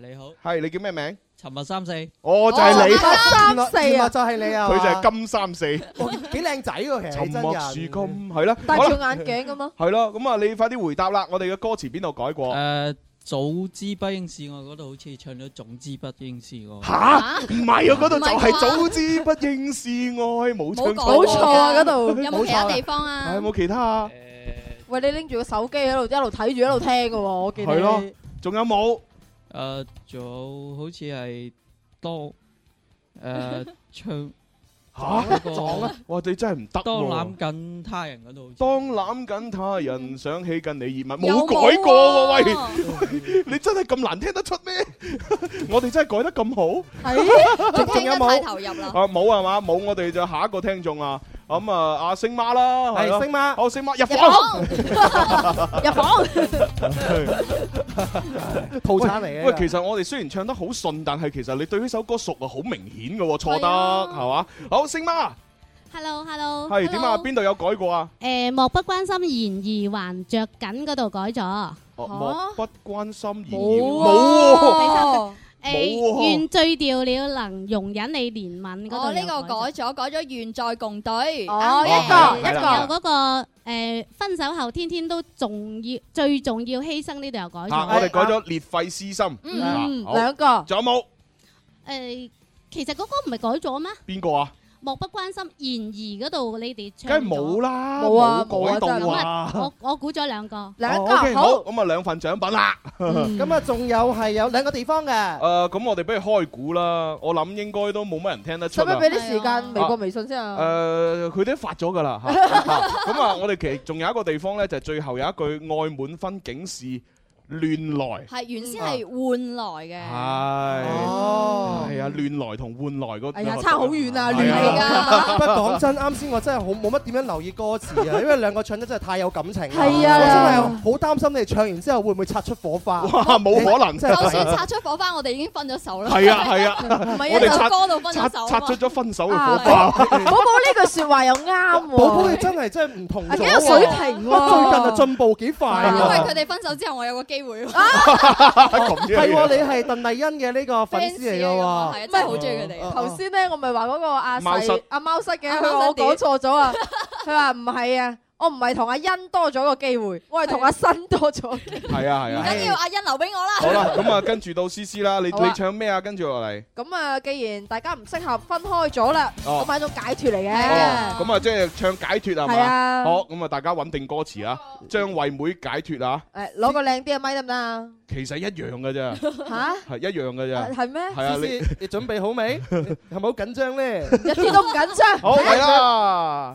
你好。係，你叫咩名？琴日三四，我就係你，三四啊，就係你啊，佢就係金三四，幾靚仔喎，其實真人樹咁係啦，戴住眼鏡咁啊，係咯，咁啊，你快啲回答啦，我哋嘅歌詞邊度改過？誒，早知不應是愛嗰度好似唱咗總之不應是愛，吓，唔係啊，嗰度就係早知不應是愛，冇唱錯，冇錯啊，嗰度有冇其他地方啊？係有冇其他啊？喂，你拎住個手機喺度一路睇住一路聽噶喎，我記得係咯，仲有冇？誒，仲有好似係多誒唱吓個，我哋真係唔得。當攬緊他人嗰度，當攬緊他人想起跟你熱吻，冇改過喂，你真係咁難聽得出咩？我哋真係改得咁好，仲仲有冇？太投入啦！啊冇係嘛，冇我哋就下一個聽眾啊。咁啊，阿星媽啦，係星媽，哦星媽入房，入房套餐嚟嘅。喂，其實我哋雖然唱得好順，但係其實你對呢首歌熟啊，好明顯嘅錯得係嘛。好，星媽，Hello Hello，係點啊？邊度有改過啊？誒，莫不關心，然而還着緊嗰度改咗，莫不關心，然而。醉掉了，能容忍你憐憫嗰度。我呢個改咗，改咗願在共對。哦，一個一個。嗰個誒，分手後天天都重要，最重要犧牲呢度又改咗。吓，我哋改咗裂肺思心。嗯，兩個。仲有冇？誒，其實嗰個唔係改咗咩？邊個啊？漠不關心，然而嗰度你哋 d 梗係冇啦，冇啊，改動我我估咗兩個，兩個好，咁啊兩份獎品啦，咁啊仲有係有兩個地方嘅，誒，咁我哋不如開估啦，我諗應該都冇乜人聽得出，使唔使俾啲時間微博微信先啊？誒，佢哋都發咗噶啦吓，咁啊，我哋其實仲有一個地方咧，就係最後有一句愛滿分警示。亂來係原先係換來嘅，係哦，係啊，亂來同換來嗰，哎呀，差好遠啊，亂嚟㗎。不過講真，啱先我真係好冇乜點樣留意歌詞啊，因為兩個唱得真係太有感情啦。係啊，真係好擔心你哋唱完之後會唔會擦出火花？哇，冇可能！就算擦出火花，我哋已經分咗手啦。係啊，係啊，唔係一首歌度分咗手，擦出咗分手嘅火花。寶寶呢句説話又啱喎。寶寶你真係真係唔同咗喎，水平，最近啊進步幾快啊。因為佢哋分手之後，我有個機會係喎，你係鄧麗欣嘅呢個粉絲嚟嘅喎，真係好中意佢哋。頭先咧，我咪話嗰個阿細阿貓叔嘅，佢話我講錯咗啊，佢話唔係啊。我唔係同阿欣多咗個機會，我係同阿新多咗。係啊係啊，唔緊要，阿欣留俾我啦。好啦，咁啊，跟住到詩詩啦，你你唱咩啊？跟住我嚟。咁啊，既然大家唔適合分開咗啦，我買咗解脱嚟嘅。咁啊，即係唱解脱啊。係啊。好，咁啊，大家搵定歌詞啊，張惠妹解脱啊。誒，攞個靚啲嘅咪得唔得啊？其實一樣嘅啫。吓？係一樣嘅啫。係咩？思思，你準備好未？係咪好緊張咧？一啲都唔緊張。好，嚟啦！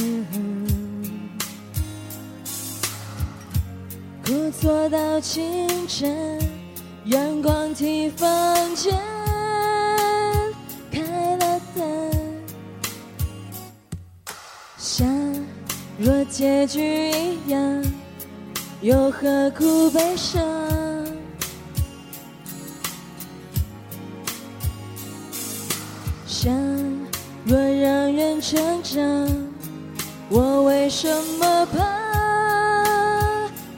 坐到清晨，陽光替房間開了燈。像若結局一樣，又何苦悲傷？像若讓人成長，我為什麼怕？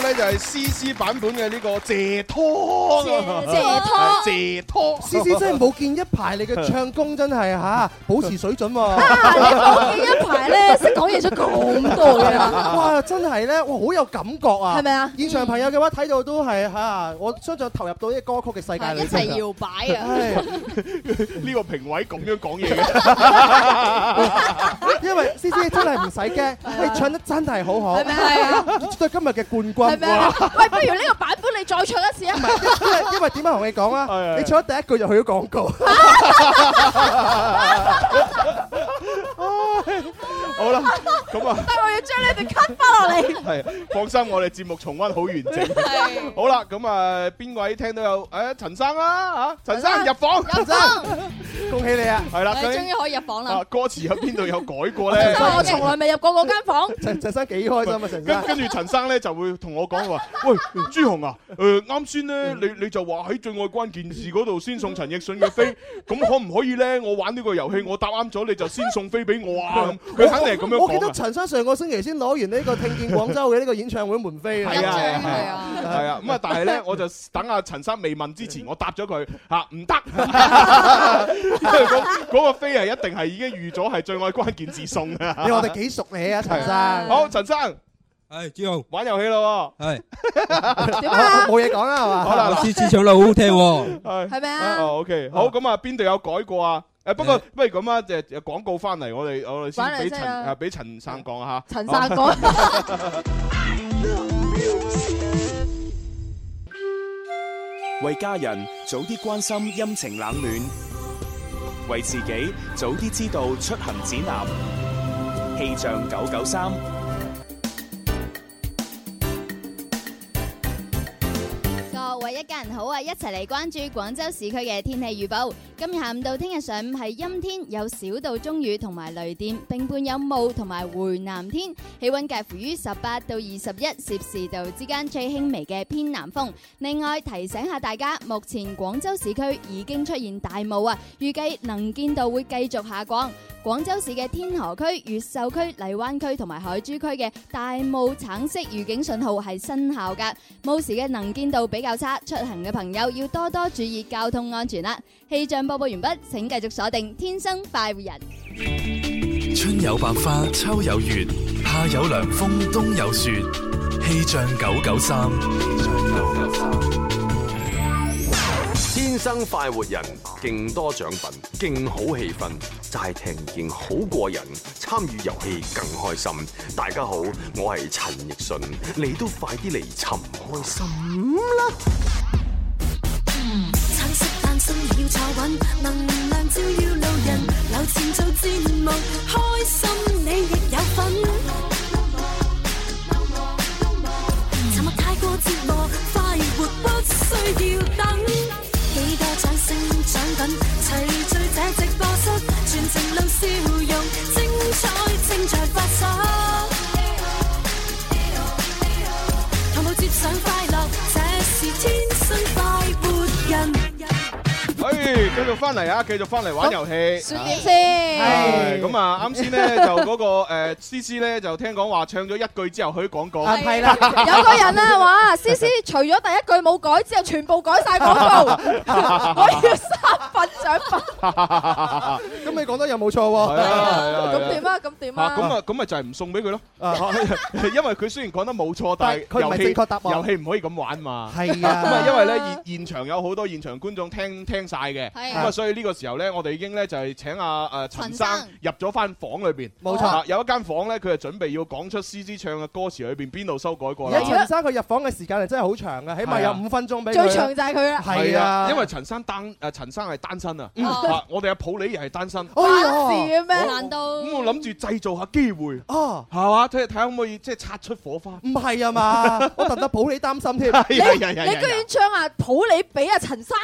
咧就係詩詩版本嘅呢個，謝拖謝拖謝拖。詩詩真係冇見一排，你嘅唱功真係吓，保持水準。你冇見一排咧，識講嘢出咁多嘅，哇！真係咧，哇，好有感覺啊，係咪啊？現場朋友嘅話睇到都係吓，我相信投入到呢個歌曲嘅世界裏邊，一齊搖擺啊！呢個評委咁樣講嘢嘅，因為詩 C 真係唔使驚，你唱得真係好好，係咪絕對今日嘅冠軍。係咩？喂，不如呢個版本你再唱一次啊！唔係，因為點解同你講啊？你唱咗第一句就去咗廣告。好啦，咁啊，但係我要將呢段 cut 翻落嚟。係，放心，我哋節目重溫好完整。係。好啦，咁啊，邊位聽到有？誒，陳生啊，嚇，陳生入房，陳生。恭喜你啊！係啦，你終於可以入房啦。歌詞喺邊度有改過咧？我從來未入過嗰間房。陳生幾開心啊！成日跟住陳生咧就會同我講話：喂，朱紅啊，誒，啱先咧，你你就話喺最愛關鍵字嗰度先送陳奕迅嘅飛，咁可唔可以咧？我玩呢個遊戲，我答啱咗你就先送飛俾我啊！佢肯定係咁樣。我記得陳生上個星期先攞完呢個聽見廣州嘅呢個演唱會門飛啊，係啊，係啊，係啊，咁啊，但係咧，我就等阿陳生未問之前，我答咗佢嚇唔得。嗰嗰個飛係一定係已經預咗係最愛關鍵字送嘅，你話我哋幾熟你啊？陳生，好陳生，誒，志豪玩遊戲咯，係點啊？冇嘢講啦，係嘛？好啦，次次唱得好好聽，係係咪啊？OK，好咁啊，邊度有改過啊？誒，不過不如咁啊，即係廣告翻嚟，我哋我哋先俾陳啊，俾陳生講下吓。陳生講，為家人早啲關心陰晴冷暖。為自己早啲知道出行指南，氣象九九三。一家人好啊！一齊嚟關注廣州市區嘅天氣預報。今日下午到聽日上午係陰天，有小到中雨同埋雷電，並伴有霧同埋回南天，氣溫介乎於十八到二十一攝氏度之間，最輕微嘅偏南風。另外提醒下大家，目前廣州市區已經出現大霧啊，預計能見度會繼續下降。廣州市嘅天河區、越秀區、荔灣區同埋海珠區嘅大霧橙色預警信號係生效噶，霧時嘅能見度比較差。出行嘅朋友要多多注意交通安全啦！氣象播報完畢，請繼續鎖定《天生快活人》。春有百花，秋有月，夏有涼風，冬有雪。氣象九九三。天生快活人，勁多獎品，勁好氣氛，就係聽見好過癮，參與遊戲更開心。大家好，我係陳奕迅，你都快啲嚟尋開心啦！珍惜但需要坐穩，能量照耀路人，留錢做節目，開心你亦有份。沉默太過寂寞。齊聚這直播室，全程露笑容，精彩正在發生。繼續翻嚟啊！繼續翻嚟玩遊戲。算點先？咁啊，啱先咧就嗰個誒，詩詩咧就聽講話唱咗一句之後可以講講。係啦，有個人啊話詩詩除咗第一句冇改之後，全部改晒廣告。我要三份獎品。咁你講得有冇錯？係啊。咁點啊？咁點啊？咁啊咁咪就係唔送俾佢咯。啊，因為佢雖然講得冇錯，但係遊戲唔可以咁玩嘛。係啊。咁啊，因為咧現現場有好多現場觀眾聽聽晒嘅。係。咁啊，所以呢個時候咧，我哋已經咧就係請阿誒陳生入咗翻房裏邊，冇錯。有一間房咧，佢係準備要講出 C C 唱嘅歌詞裏邊邊度修改過。有陳生，佢入房嘅時間係真係好長嘅，起碼有五分鐘俾。最長就係佢啦。係啊，因為陳生單誒陳生係單身啊。我哋阿普理又係單身。事咩？難道咁我諗住製造下機會啊？係嘛，睇睇可唔可以即係擦出火花？唔係啊嘛，我特登普理擔心添。你居然將阿普理俾阿陳生？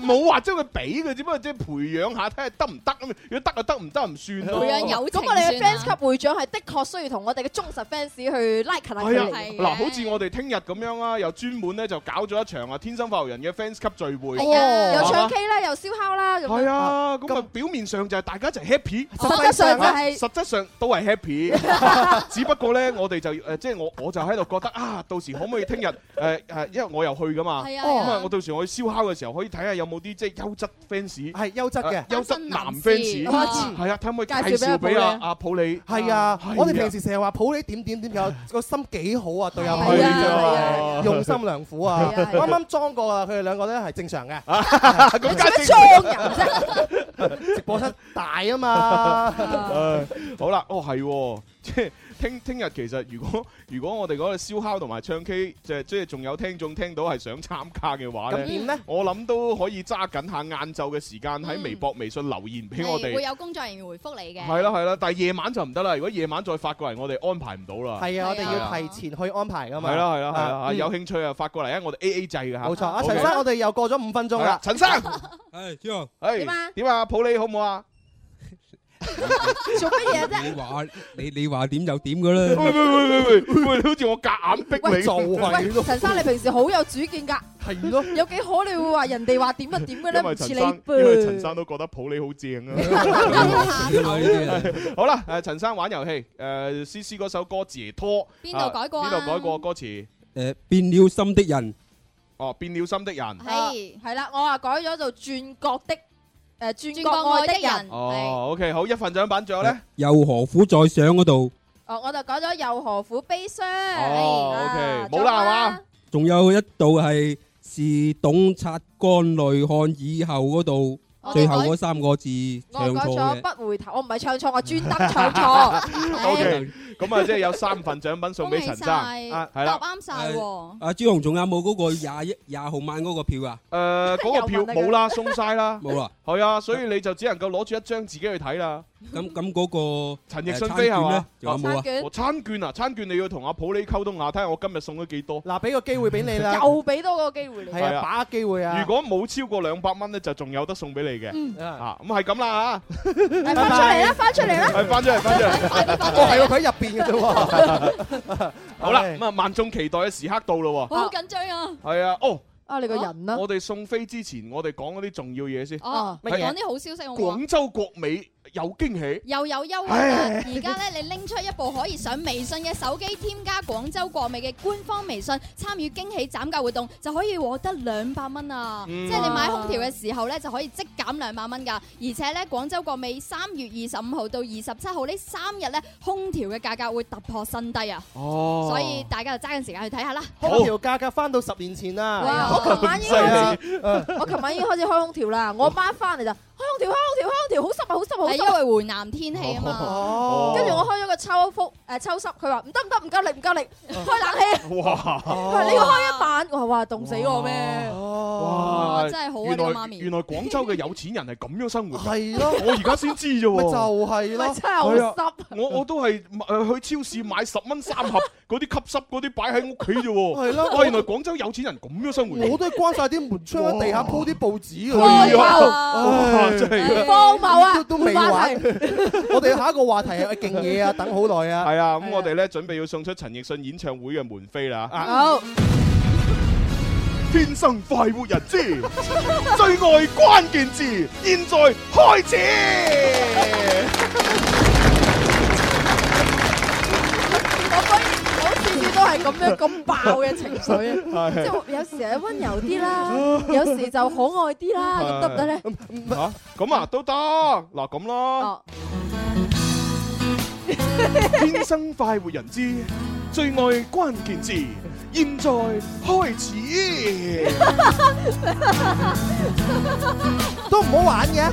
冇話將佢俾。呢個只不過即係培養下，睇下得唔得咁。如果得就得，唔得唔算。培養友情，咁我哋嘅 fans 級會長係的確需要同我哋嘅忠實 fans 去 like 嚟嘅。係啊，嗱，好似我哋聽日咁樣啦，又專門咧就搞咗一場啊，天生快活人嘅 fans 級聚會。係啊，又唱 K 啦，又燒烤啦。係啊，咁啊，表面上就係大家一齊 happy，實質上就係實質上都係 happy。只不過咧，我哋就誒，即係我我就喺度覺得啊，到時可唔可以聽日誒誒，因為我又去噶嘛。係啊。咁啊，我到時我去燒烤嘅時候，可以睇下有冇啲即係優質。fans 係優質嘅，優質男 fans 係啊，睇可唔可以介紹俾阿阿普你？係啊，我哋平時成日話普你點點點，有個心幾好啊，對阿普嘅用心良苦啊，啱啱裝過啊，佢哋兩個咧係正常嘅。你做乜裝人啫？直播室大啊嘛。好啦，哦係，即係。聽聽日其實如果如果我哋嗰個燒烤同埋唱 K 即係即係仲有聽眾聽到係想參加嘅話咧，我諗都可以揸緊下晏晝嘅時間喺微博、微信留言俾我哋，會有工作人員回覆你嘅。係啦係啦，但係夜晚就唔得啦。如果夜晚再發過嚟，我哋安排唔到啦。係啊，我哋要提前去安排噶嘛。係啦係啦係啦，有興趣啊，發過嚟啊，我哋 A A 制㗎嚇。冇錯啊，陳生，我哋又過咗五分鐘啦。陳生，係朱紅，點啊？點啊？抱你好唔好啊？做乜嘢啫？你話你你話點就點噶啦！喂喂喂喂喂，你好似我夾硬逼你做喂。陳生，你平時好有主見噶，係咯？有幾好？你會話人哋話點就點嘅咧？唔似你，因為陳生都覺得抱你好正啊。好啦，誒，陳生玩遊戲，誒，詩詩嗰首歌自拖邊度改過？邊度改過歌詞？誒，變了心的人，哦，變了心的人，係係啦，我話改咗做轉角的。誒，轉轉國外的人哦，OK，好，一份獎品仲有咧，又何苦再想嗰度？哦，我就講咗又何苦悲傷哦，OK，冇啦嘛，仲有一度係是懂擦乾淚看以後嗰度。最後嗰三個字唱錯。我講咗不回頭，我唔係唱錯，我專登唱錯。O K，咁啊，即係、okay, 有三份獎品送俾陳生。得啱晒。阿朱紅仲有冇嗰個廿一廿號晚嗰個票啊？誒、 呃，嗰、嗰個票冇啦，送晒啦，冇 啦。係啊，所以你就只能夠攞住一張自己去睇啦。咁咁嗰個陳奕迅飛係咪有冇啊？餐券啊，餐券你要同阿普利溝通下，睇下我今日送咗幾多。嗱，俾個機會俾你啦，又俾多嗰個機會你，係啊，把握機會啊！如果冇超過兩百蚊咧，就仲有得送俾你嘅。啊，咁係咁啦啊，翻出嚟啦，翻出嚟啦，係翻出嚟，翻出嚟，係喎，佢喺入邊嘅啫。好啦，咁啊，萬眾期待嘅時刻到咯，我好緊張啊。係啊，哦，啊你個人啊？我哋送飛之前，我哋講嗰啲重要嘢先。哦，講啲好消息。廣州國美。有驚喜，又有優惠，而家咧，你拎出一部可以上微信嘅手機，添加廣州國美嘅官方微信，參與驚喜斬價活動，就可以獲得兩百蚊啊！嗯、即係你買空調嘅時候咧，就可以即減兩百蚊噶。而且咧，廣州國美三月二十五號到二十七號呢三日咧，空調嘅價格會突破新低啊！哦，所以大家就揸緊時間去睇下啦。空調好好價格翻到十年前啦！哇，我琴晚已經開始，是啊、 我琴晚已經開始開空調啦。我媽一翻嚟就～開空調，開空調，開空調，好濕啊，好濕啊，因為回南天氣啊嘛。跟住我開咗個抽風，誒抽濕，佢話唔得唔得，唔夠力唔夠力，開冷氣。哇！唔係你開一晚，我話哇凍死我咩？哇！真係好。原來原來廣州嘅有錢人係咁樣生活。係咯，我而家先知啫喎。就係咯。真係好濕。我我都係去超市買十蚊三盒嗰啲吸濕嗰啲擺喺屋企啫喎。係咯。喂！原來廣州有錢人咁樣生活。我都係關晒啲門窗，喺地下鋪啲報紙。荒謬啊！這個哎、都未話 我哋下一個話題係勁嘢啊，等好耐啊。係啊，咁我哋呢準備要送出陳奕迅演唱會嘅門飛啦。好，天生快活人之最愛關鍵字，現在開始。 係咁樣咁爆嘅情緒，即係有時係温柔啲啦，有時就可愛啲啦，咁得唔得咧？嚇，咁啊都得，嗱咁囉。天生快活人之最愛關鍵字。現在開始，都唔好玩嘅。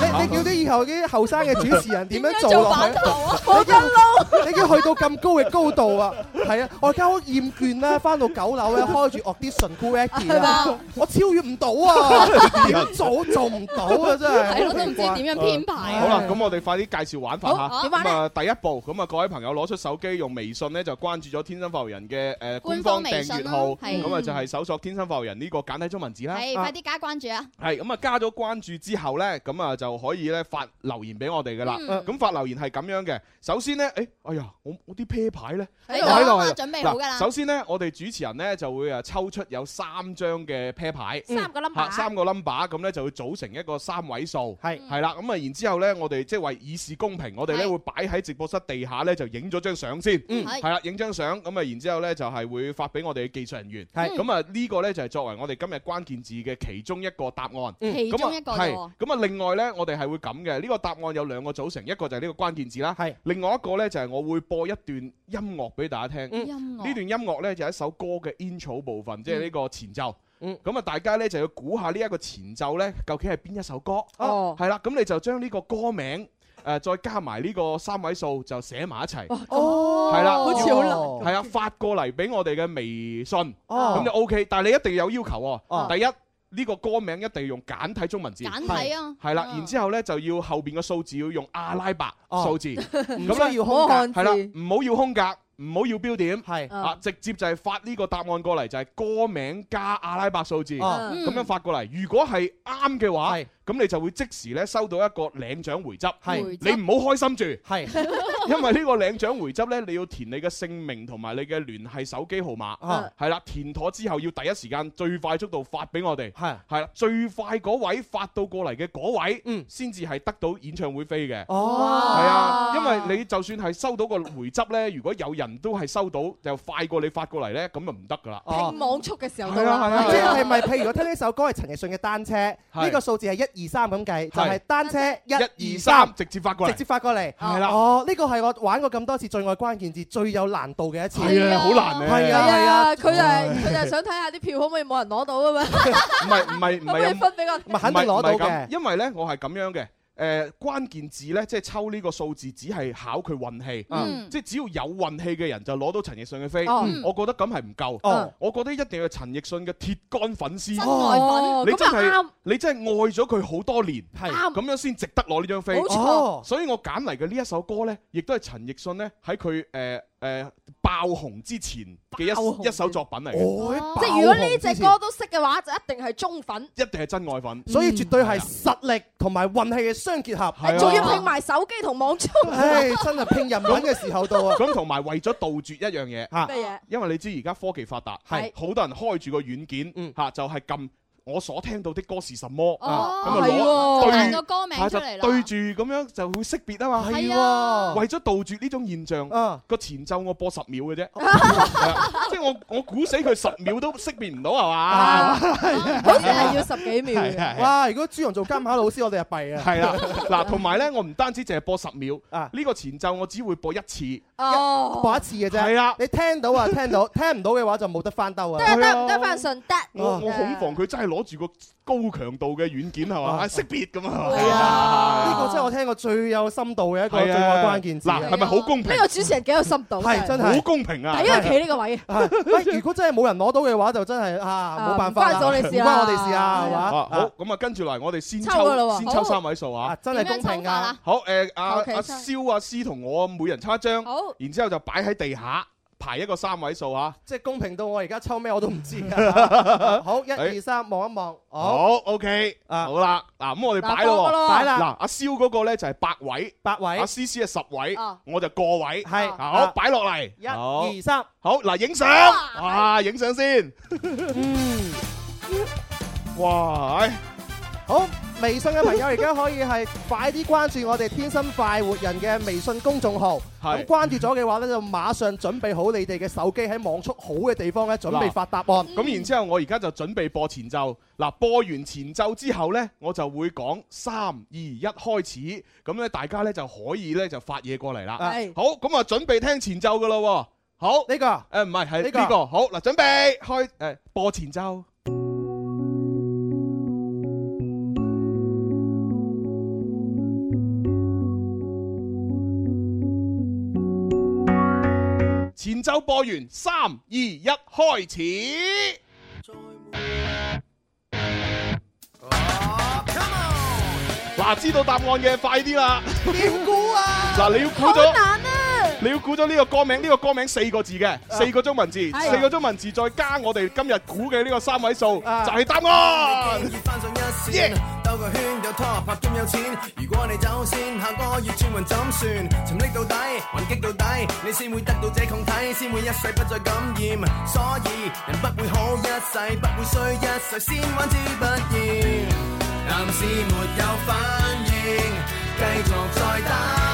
你你叫啲以後啲後生嘅主持人點樣做落去？我一樓，你已經去到咁高嘅高度啊！係啊，我而家好厭倦啦，翻到九樓咧，開住 Audition，Cooler 點啦，我超越唔到啊！點做？做唔到啊！真係，我都唔知點樣編排。好啦，咁我哋快啲介紹玩法嚇。咁啊，第一步，咁啊，各位朋友攞出手機，用微信咧就關注咗天生快活人嘅誒官方。訂閱號，咁啊就係搜索天生快活人呢個簡體中文字啦。係，快啲加關注啊！係，咁啊加咗關注之後咧，咁啊就可以咧發留言俾我哋噶啦。咁發留言係咁樣嘅，首先咧，誒，哎呀，我我啲啤牌咧，喺度，喺度，準備好㗎喇。首先咧，我哋主持人咧就會誒抽出有三張嘅啤牌，三個 number，三個 number，咁咧就會組成一個三位數，係，係啦，咁啊然之後咧，我哋即係為以示公平，我哋咧會擺喺直播室地下咧就影咗張相先，係，係啦，影張相，咁啊然之後咧就係會。發俾我哋嘅技術人員，係咁啊，呢個呢就係作為我哋今日關鍵字嘅其中一個答案，其中一個係，咁啊，另外呢我哋係會咁嘅，呢個答案有兩個組成，一個就係呢個關鍵字啦，係另外一個呢就係我會播一段音樂俾大家聽，音樂，呢段音樂呢就係一首歌嘅 intro 部分，即係呢個前奏，咁啊大家呢就要估下呢一個前奏呢究竟係邊一首歌，哦係啦，咁你就將呢個歌名。再加埋呢個三位數就寫埋一齊，係啦，係啊，發過嚟俾我哋嘅微信，咁就 OK。但你一定要有要求喎，第一呢個歌名一定用簡體中文字，簡體啊，係啦，然之後呢，就要後邊嘅數字要用阿拉伯數字，唔好要空格，係啦，唔好要空格，唔好要標點，係啊，直接就係發呢個答案過嚟，就係歌名加阿拉伯數字，咁樣發過嚟。如果係啱嘅話，咁你就會即時咧收到一個領獎回執，係你唔好開心住，係，因為呢個領獎回執咧，你要填你嘅姓名同埋你嘅聯繫手機號碼，係，係啦，填妥之後要第一時間最快速度發俾我哋，係，係啦，最快嗰位發到過嚟嘅嗰位，嗯，先至係得到演唱會飛嘅，哦，係啊，因為你就算係收到個回執咧，如果有人都係收到就快過你發過嚟咧，咁就唔得噶啦，聽網速嘅時候，係啊係啊，即係咪？譬如我聽呢首歌係陳奕迅嘅單車，呢個數字係一。二三咁計就係單車，一二三直接發過嚟，直接發過嚟。係啦，哦呢個係我玩過咁多次最愛關鍵字、最有難度嘅一次，係啊，好難啊。係啊，佢就係佢就係想睇下啲票可唔可以冇人攞到啊嘛？唔係唔係唔可以分俾我？唔係肯定攞到嘅，因為咧我係咁樣嘅。誒、呃，關鍵字呢，即係抽呢個數字，只係考佢運氣。嗯、即係只要有運氣嘅人就攞到陳奕迅嘅飛。嗯、我覺得咁係唔夠。嗯、我覺得一定要陳奕迅嘅鐵杆粉絲。哦、你真係你真係愛咗佢好多年。係是。咁樣先值得攞呢張飛。錯所以我揀嚟嘅呢一首歌呢，亦都係陳奕迅呢喺佢誒。爆紅之前嘅一首作品嚟嘅，即係如果呢隻歌都識嘅話，就一定係忠粉，一定係真愛粉，所以絕對係實力同埋運氣嘅相結合，仲要拼埋手機同網速，唉，真係拼人品嘅時候到啊！咁同埋為咗杜絕一樣嘢，一樣，因為你知而家科技發達，係好多人開住個軟件，嚇就係撳。我所聽到的歌是什麼？咁啊攞對個歌名出嚟啦，對住咁樣就會識別啊嘛。係啊，為咗杜絕呢種現象，個前奏我播十秒嘅啫。即係我我估死佢十秒都識別唔到係嘛？好似係要十幾秒。哇！如果朱融做監考老師，我哋就弊啊。係啦，嗱，同埋咧，我唔單止淨係播十秒啊，呢個前奏我只會播一次，播一次嘅啫。係啊，你聽到啊，聽到，聽唔到嘅話就冇得翻兜啊。得得得翻順德，我恐防佢真係攞住個高強度嘅軟件係嘛，識別咁啊！呢個真係我聽過最有深度嘅一個關鍵字。嗱，係咪好公平？呢個主持人幾有深度，係真係好公平啊！係因為企呢個位。喂，如果真係冇人攞到嘅話，就真係啊，冇辦法，關咗你事，唔關我哋事啊，係嘛？好，咁啊，跟住嚟，我哋先抽，先抽三位數啊，真係公平噶。好，誒，阿阿蕭阿思同我每人差一張，然之後就擺喺地下。排一個三位數啊，即係公平到我而家抽咩我都唔知。好，一、二、三，望一望。好，OK，好啦，嗱，咁我哋擺咯，擺啦。嗱，阿蕭嗰個咧就係百位，百位。阿詩詩係十位，我就個位。係，好，擺落嚟。一、二、三，好，嗱，影相，啊，影相先。嗯，哇，好。微信嘅朋友而家可以係快啲關注我哋天生快活人嘅微信公眾號。咁是關注咗嘅話呢，就馬上準備好你哋嘅手機喺網速好嘅地方咧，準備發答案。咁喏、嗯、然之後我而家就準備播前奏。嗱，播完前奏之後呢，我就會講三二一開始，咁咧大家呢就可以呢，就發嘢過嚟啦。是好，咁啊準備聽前奏噶啦。好呢、呢個誒唔係係呢個、呢個、好嗱，準備開誒、呃、播前奏。周播完，三二一，開始。嗱、 啊，知道答案嘅快啲啦！點估 啊？嗱，你要估咗。你要估咗呢個歌名，呢、呢個歌名四個字嘅，uh, 四個中文字，uh, 四個中文字，uh, 再加我哋今日估嘅呢個三位數，uh, 就係答案。你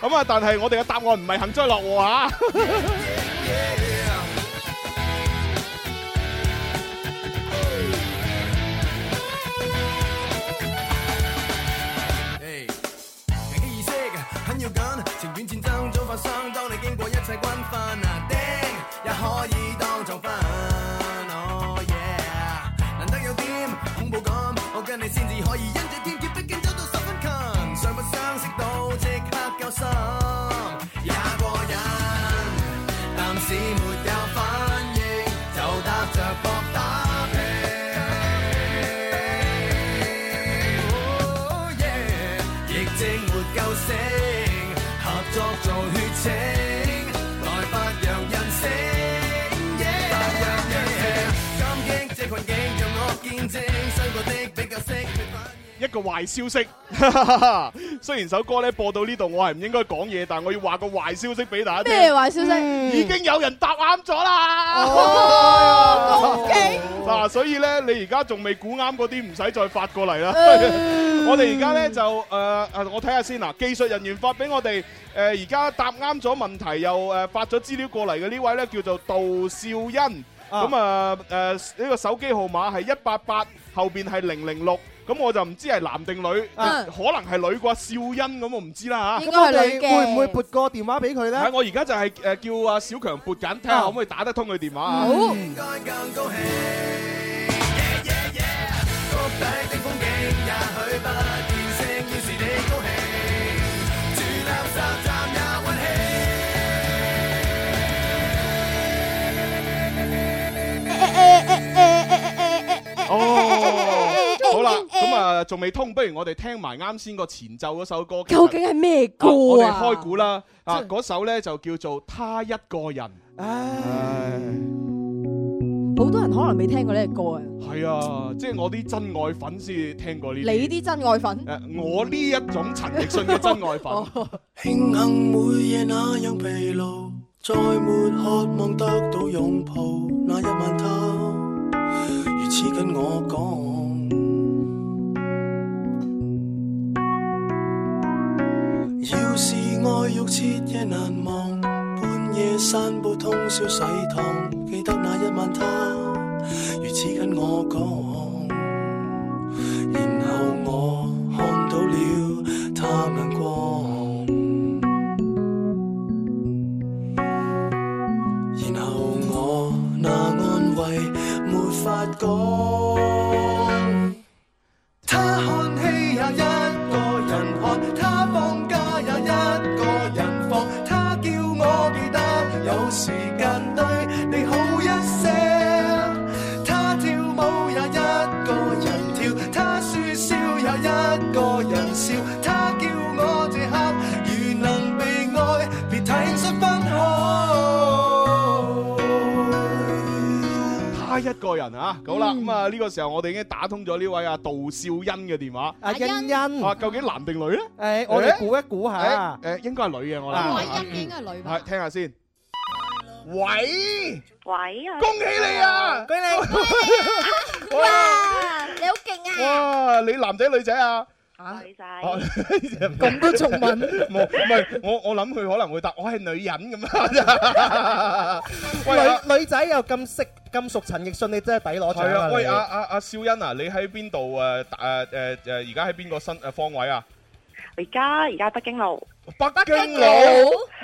咁啊、嗯！但係我哋嘅答案唔係幸災樂禍嚇。哈哈 yeah, yeah, yeah. 一個壞消息，哈哈雖然首歌咧播到呢度，我係唔應該講嘢，但我要話個壞消息俾大家聽。咩壞消息？嗯、已經有人答啱咗啦。嗱，所以咧，你而家仲未估啱嗰啲，唔使再發過嚟啦，呃 呃。我哋而家咧就誒誒，我睇下先啦。技術人員發俾我哋，誒而家答啱咗問題又誒發咗資料過嚟嘅呢位咧，叫做杜少欣。咁啊，誒、啊，呢、這個手機號碼係一八八後邊係零零六，咁我就唔知係男定女，啊、可能係女啩。笑欣，咁我唔知啦吓。應該係你會唔會撥個電話俾佢咧？係、啊、我而家就係誒叫阿小強撥緊，睇下可唔可以打得通佢電話、嗯、啊？更恭喜！哦，好啦，咁、嗯、啊，仲未、嗯、通，不如我哋聽埋啱先個前奏嗰首歌。究竟係咩歌？啊、我哋開估啦，啊，嗰即首咧就叫做《他一個人》。唉，好唉多人可能未聽過呢隻歌啊。係啊，即係我啲真愛粉先聽過呢。你啲真愛粉？誒、啊，我呢一種陳奕迅嘅真愛粉。慶幸每夜那樣疲勞，再沒渴望得到擁抱，那一晚他。 似跟我講。要是愛慾徹夜難忘，半夜散步通宵洗燙，記得那一晚他如此跟我講，然後我看到了。呢個時候，我哋已經打通咗呢位阿杜少欣嘅電話。阿欣欣，哇，究竟男定女咧？誒，我哋估一估下。誒，應該係女嘅我諗。應該係女。係，聽下先。喂。喂啊！恭喜你啊！恭喜你！哇，你好勁啊！哇，你男仔女仔啊？女仔咁都重問，唔係我我諗佢可能會答我係女人咁啊！女，女仔又咁識咁熟陳奕迅，你真係抵攞獎。係啊，喂阿阿阿少欣啊，你喺邊度誒？誒誒誒，而家喺邊個新誒方位啊？而家而家北京路，北京路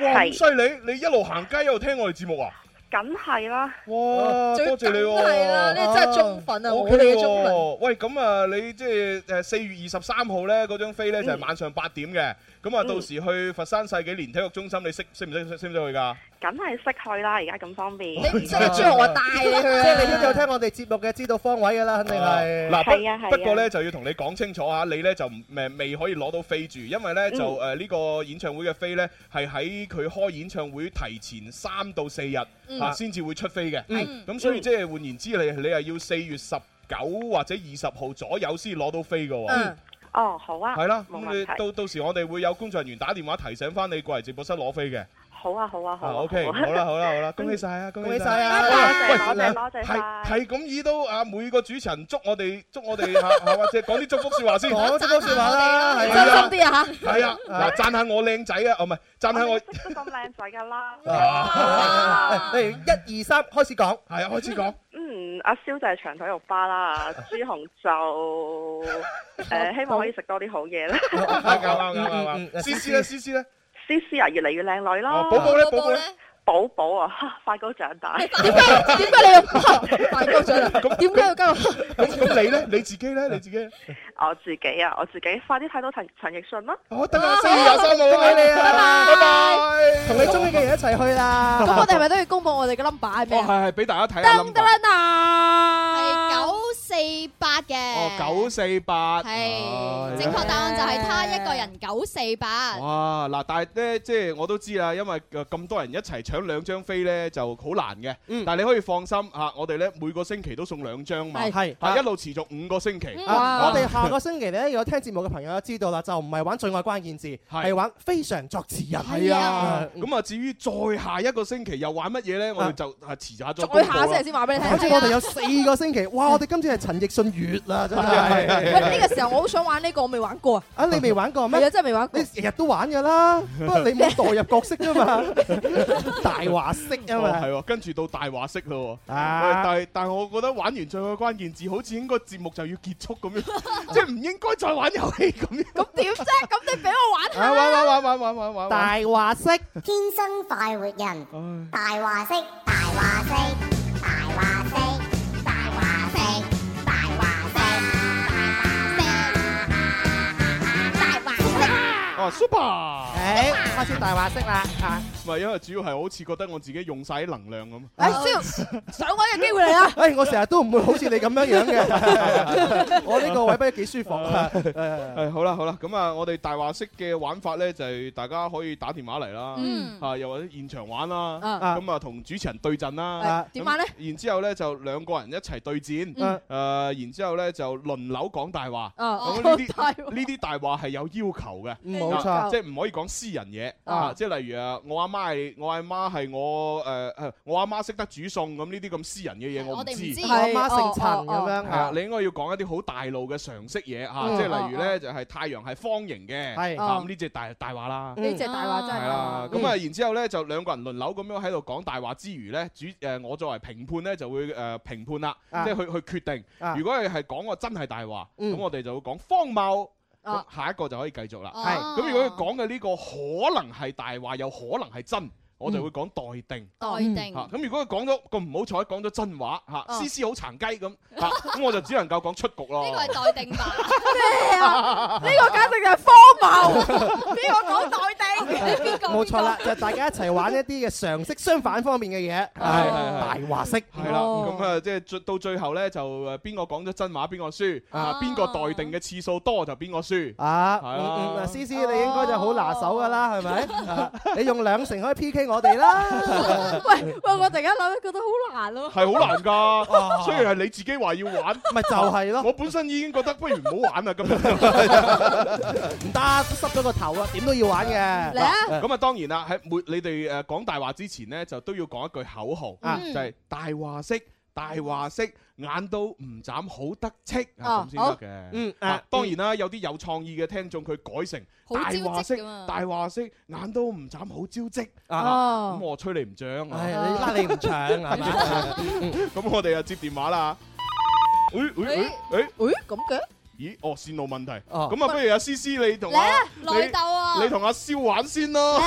哇，犀利！你一路行街一路聽我哋節目啊！梗係啦，哇！啊、多謝你喎、啊，呢、啊、你真係忠粉啊，OK 喎。喂，咁啊，你即係誒四月二十三號咧嗰張飛咧，就係、係、晚上八點嘅。嗯咁啊，嗯、到時去佛山世紀蓮體育中心，你識識唔識識唔識去㗎？梗係識去啦，而家咁方便。你唔識啊？我帶你去。即係、啊啊、你有聽我哋節目嘅，知道方位㗎、啊啊、啦，肯定係。嗱，不不過咧就要同你講清楚啊，你咧就誒未，未可以攞到飛住，因為咧就誒呢、呃嗯、個演唱會嘅飛咧係喺佢開演唱會提前三到四日嚇先至會出飛嘅。咁、嗯、所以即係換言之，你你係要四月十九或者二十號左右先攞到飛嘅喎。哦，好啊，係啦，咁你到到時我哋會有工作人員打電話提醒翻你過嚟直播室攞飛嘅。好啊，好啊，好。OK，好啦，好啦，好啦，恭喜晒啊，恭喜晒啊，多謝多謝多謝晒。係係咁意都啊，每個主持人祝我哋祝我哋下或者講啲祝福說話先。講祝福說話啦，係啊，開心啲吓。係啊，嗱，讚下我靚仔啊，哦，唔係，讚下我。咁靚仔噶啦。啊，誒，一二三，開始講，係啊，開始講。嗯，阿蕭就係長腿肉花啦，朱 紅就誒、呃、 希望可以食多啲好嘢啦。嗯嗯，思思咧，思思咧，思思啊越嚟越靚女咯，哦。寶寶咧，寶寶咧。寶寶呢寶寶呢寶寶啊，快高長大。點解點解你要快高長大？咁點解要加我？咁你咧？你自己咧？你自己？我自己啊，我自己快啲睇到陳陳奕迅啦！我得個生日禮物俾你啊！拜拜，同你中意嘅人一齊去啦！咁我哋係咪都要公布我哋嘅 number 啊？哦，係係，俾大家睇 number 啦！四八嘅，哦九四八係，正確答案就係他一個人九四八。哇，嗱，但係咧，即係我都知啦，因為咁多人一齊搶兩張飛咧，就好難嘅。嗯，但係你可以放心吓，我哋咧每個星期都送兩張嘛，係，係，一路持續五個星期。啊，我哋下個星期咧，如果聽節目嘅朋友都知道啦，就唔係玩最愛關鍵字，係玩非常作詞人。係啊，咁啊，至於再下一個星期又玩乜嘢咧，我哋就啊遲下再播啦。再下星期先話俾你聽。好似我哋有四個星期，哇，我哋今次係。陳奕迅越啊，真係！喂，呢個時候我好想玩呢個，我未玩過啊！啊，你未玩過咩？而家真係未玩過。你日日都玩噶啦，不過你冇代入角色啫嘛，大話式啊嘛，係跟住到大話式咯，啊！但係但係，我覺得玩完最後個關鍵字，好似應該節目就要結束咁樣，即係唔應該再玩遊戲咁。咁點啫？咁你俾我玩下玩玩玩玩玩玩玩！大話式，天生快活人，大話式，大話式。哦，Super，誒，開始大話式啦，嚇，唔係因為主要係好似覺得我自己用晒啲能量咁，誒，超上位嘅機會嚟啊，誒，我成日都唔會好似你咁樣樣嘅，我呢個位不幾舒服啊，誒，好啦好啦，咁啊，我哋大話式嘅玩法咧就係大家可以打電話嚟啦，嗯，啊，又或者現場玩啦，啊，咁啊，同主持人對陣啦，點玩咧？然之後咧就兩個人一齊對戰，誒，然之後咧就輪流講大話，呢啲呢啲大話係有要求嘅。冇錯，即係唔可以講私人嘢啊！即係例如啊，我阿媽係我阿媽係我誒誒，我阿媽識得煮餸咁呢啲咁私人嘅嘢，我唔知。我阿媽姓陳咁樣。係啊，你應該要講一啲好大路嘅常識嘢啊！即係例如咧，就係太陽係方形嘅。係啊，呢隻大大話啦。呢隻大話真係啊！咁啊，然之後咧就兩個人輪流咁樣喺度講大話之餘咧，主誒我作為評判咧就會誒評判啦，即係去去決定。如果係係講個真係大話，咁我哋就會講荒謬。下一個就可以繼續啦，係、哦，咁。如果佢講嘅呢個可能係大話，有可能係真，我就會講待定。待定。吓，咁如果佢講咗咁唔好彩講咗真話吓，詩詩好殘雞咁，吓，咁我就只能夠講出局咯。呢個係待定話，咩 啊？呢、這個簡直就係荒謬。邊個講待？定。 冇錯啦，就大家一齊玩一啲嘅常識相反方面嘅嘢，係大話式，係啦，咁啊即係到最後咧就誒邊個講咗真話邊個輸，啊邊個待定嘅次數多就邊個輸，啊，嗯嗯，詩詩你應該就好拿手㗎啦，係咪？你用兩成可以 P K 我哋啦，喂喂，我突然間諗覺得好難咯，係好難㗎，雖然係你自己話要玩，咪就係咯，我本身已經覺得不如唔好玩啦，咁樣唔得，濕咗個頭啊，點都要玩嘅。咁啊，當然啦，喺每你哋誒講大話之前咧，就都要講一句口號啊，就係大話式大話式，眼都唔眨，好得戚咁先得嘅。嗯，誒，當然啦，有啲有創意嘅聽眾，佢改成大話式大話式，眼都唔眨，好招職招積啊！咁我吹你唔漲，係你拉你唔長啊！咁我哋又接電話啦。喂喂喂喂，咁嘅？咦，哦，線路問題，咁啊，不如阿思思你同我，你鬥啊，你同阿蕭玩先咯，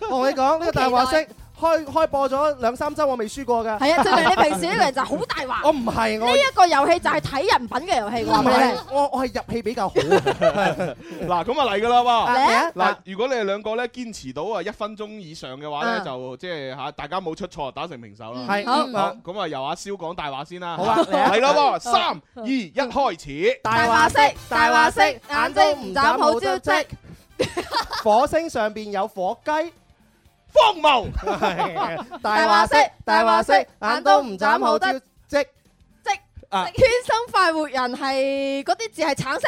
同你講呢個大話識。開開播咗兩三周，我未輸過嘅。係啊，證明你平時呢個人就好大話。我唔係，我呢一個遊戲就係睇人品嘅遊戲。我我係入戲比較好。嗱咁啊嚟噶啦喎！嗱，如果你哋兩個咧堅持到啊一分鐘以上嘅話咧，就即係吓大家冇出錯，打成平手啦。係咁啊！由阿蕭講大話先啦。好啊，係咯，三二一，開始。大話色，大話色，眼睛唔眨好招積。火星上邊有火雞。荒謬！大話色，大話色，眼都唔眨好得，即即啊！天生快活人係嗰啲字係橙色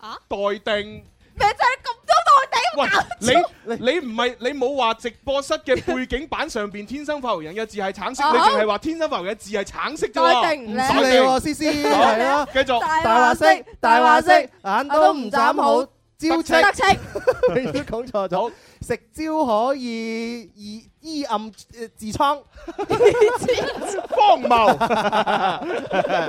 啊？待定，咩真係咁多待定？喂，你你唔係你冇話直播室嘅背景板上邊天生快活人嘅字係橙色，你淨係話天生快活人嘅字係橙色啫嘛？待定，唔使你，思思係啦，繼續，大話色，大話色，眼都唔眨好。得戚，你都講錯咗，食蕉可以醫醫暗誒痔瘡，荒謬，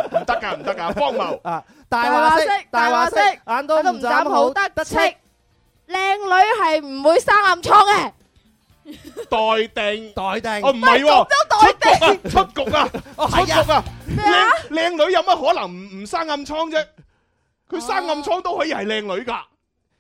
唔得噶唔得噶，荒謬。大話色，大話色，眼都唔眨，好得得戚，靚女係唔會生暗瘡嘅。待定，待定，唔係，都待定，出局，出局啊，出局啊，靚靚女有乜可能唔唔生暗瘡啫？佢生暗瘡都可以係靚女噶。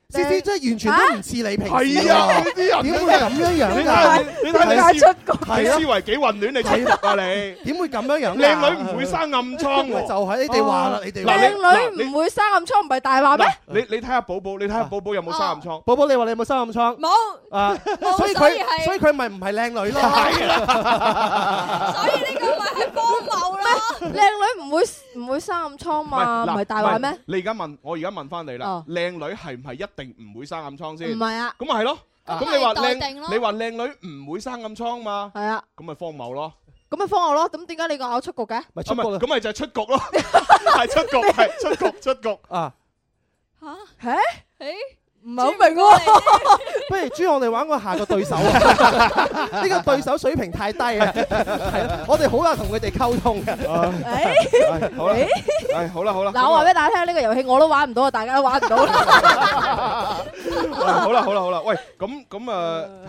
呢啲真係完全都唔似你平時。係啊，啲人點會咁樣樣啊？你睇下出國，你思維幾混亂，你得啊你？點會咁樣樣？靚女唔會生暗瘡喎。就係你哋話啦，你哋。嗱，靚女唔會生暗瘡，唔係大話咩？你你睇下寶寶，你睇下寶寶有冇生暗瘡？寶寶，你話你有冇生暗瘡？冇。所以佢所以佢咪唔係靚女咯？所以呢個咪係荒謬咯？靚女唔會唔會生暗瘡嘛？唔係大話咩？你而家問我，而家問翻你啦。靚女係唔係一定唔會生暗瘡先？唔係啊，咁咪係咯。咁你話靚，你話靚女唔會生暗瘡嘛？係啊，咁咪荒謬咯。咁咪荒謬咯。咁點解你話我出局嘅？咪出局咯。咁咪就係出局咯。係出局，係出局，出局啊！吓？誒？誒？唔係好明喎，不如朱，我哋玩個下個對手啊！呢 個對手水平太低啊，係啊，我哋好難同佢哋溝通嘅、uh, 哎。誒，係，誒，係好啦，好啦。嗱、哎， 我話俾大家聽，呢 個遊戲我都玩唔到啊，大家都玩唔到 啦。好啦，好啦，好啦。喂，咁咁誒，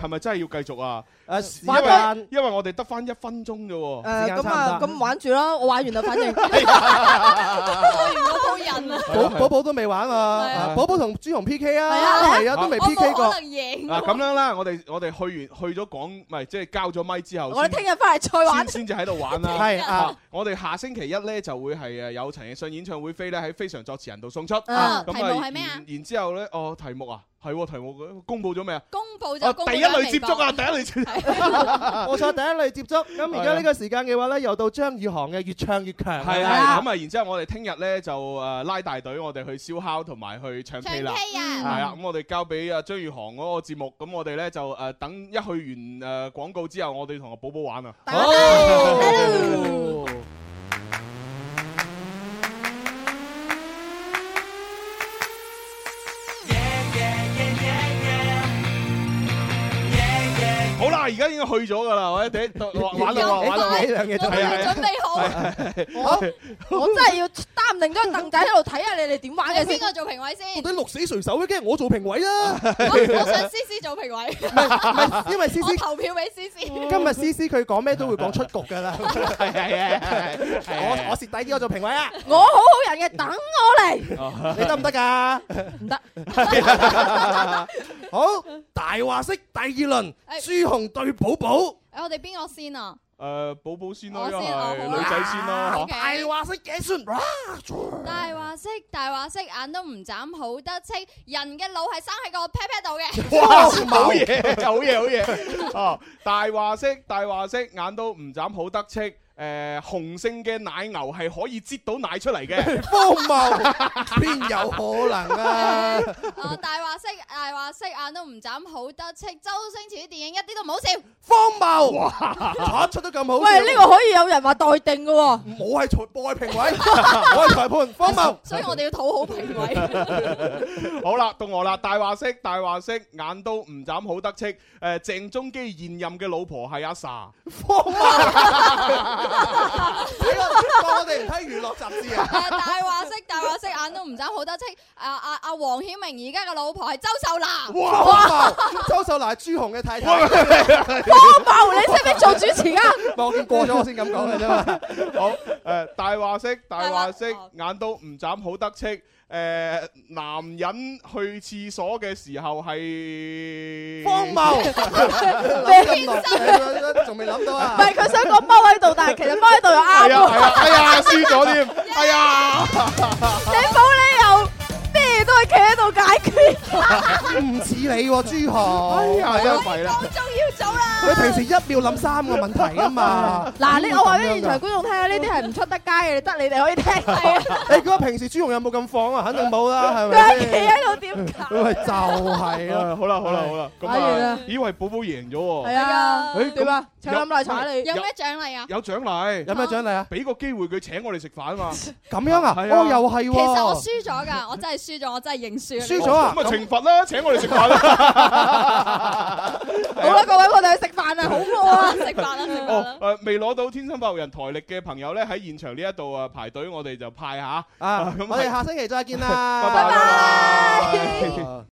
係咪、嗯、真係要繼續啊？誒，因為我哋得翻一分鐘啫喎。誒，咁啊，咁玩住啦，我玩完就反應，玩完寶寶都未玩啊，寶寶同朱紅 PK 啊，係啊，都未 PK 過。嗱，咁樣啦，我哋我哋去完去咗講，唔係即係交咗咪之後，我哋聽日翻嚟再玩先至喺度玩啦。係啊，我哋下星期一咧就會係誒有陳奕迅演唱會飛咧喺非常作詞人度送出啊。題目係咩啊？然之後咧，哦，題目啊。係喎，題目公佈咗咩啊？公布咗第一類接觸啊，第一類接觸冇錯，第一類接觸。咁而家呢個時間嘅話咧，又到張宇航嘅越唱越強。係啊，咁啊，然之後我哋聽日咧就誒拉大隊，我哋去燒烤同埋去唱 K 啦。唱 K 啊！係啊，咁我哋交俾阿張宇航嗰個節目。咁我哋咧就誒等一去完誒廣告之後，我哋同阿寶寶玩啊。寶寶而家已經去咗噶啦，或者玩玩嚟玩去，睇兩嘢睇啊！我我真係要擔定咗個凳仔喺度睇下你哋點玩嘅，先我做評委先。到底鹿死誰手咧？驚我做評委啦！我想 C C 做評委，唔係唔係，因為 C C 我投票俾 C C。今日 C C 佢講咩都會講出局噶啦，係啊！我我蝕底呢個做評委啊！我好好人嘅，等我嚟，你得唔得噶？唔得。好大話式第二輪輸紅。對寶寶，我哋邊個先啊？誒、呃，寶寶先啦，係、哦、女仔先啦 Okay.、啊、大話式 get 先大話式大話式眼都唔眨好得戚，人嘅腦係生喺個 pat pat 度嘅。哇，好嘢麼，好嘢，好嘢！哦，大話式大話式眼都唔眨好得戚。誒，雄、呃、性嘅奶牛係可以擠到奶出嚟嘅？ 荒謬，邊有可能啊！大話式，大話式，眼都唔眨好得戚。周星馳啲電影一啲都唔好笑。荒謬！哇，出得咁好笑。喂，呢、這個可以有人話待定嘅喎、哦。我係裁，我係評委，我係裁判。荒謬、啊。所以我哋要討好評委。 好啦，到我啦！大話式，大話式，眼都唔眨好得戚。誒、呃，鄭中基現任嘅老婆係阿 sa。荒謬。死啦！ 我哋唔睇娛樂雜誌 啊！大話式，大話式，眼都唔眨，好得戚。阿阿阿黃曉明而家嘅老婆係周秀娜。 周秀娜係朱虹嘅太太。荒謬、 啊！ 你識唔識做主持啊？唔係我見過咗，我先咁講嘅啫嘛。好誒、啊，大話式，大話式， 眼都唔眨，好得戚。誒、呃，男人去廁所嘅時候係荒謬謬，諗咁耐，仲未諗到啊！唔係佢想講踎喺度，但係其實踎喺度又啱係啊，係啊、 哎，輸咗添，係、哎、啊，頂冇你。都係企喺度解決，唔似你朱紅，哎呀，真係啦，我仲要走啦。佢平時一秒諗三個問題啊嘛。嗱，我話俾現場觀眾聽啊，呢啲係唔出得街嘅，得你哋可以聽。你覺得平時朱紅有冇咁放啊？肯定冇啦，係咪？佢係企喺度點解？喂，就係啊！好啦，好啦，好啦，咁啊，以為寶寶贏咗喎。係啊。誒點啊？請咁耐彩你，有咩獎勵啊？有獎勵，有咩獎勵啊？俾個機會佢請我哋食飯啊嘛。咁樣啊？哦，又係。其實我輸咗㗎，我真係輸咗。我真係認輸，輸咗啊！咁咪懲罰啦，請我哋食飯啦！好啦，各位，我哋去食飯啦，好餓啊，食飯啦！哦，未攞到天生快活人台曆嘅朋友咧，喺現場呢一度啊排隊，我哋就派下！啊！咁我哋下星期再見啦，拜拜。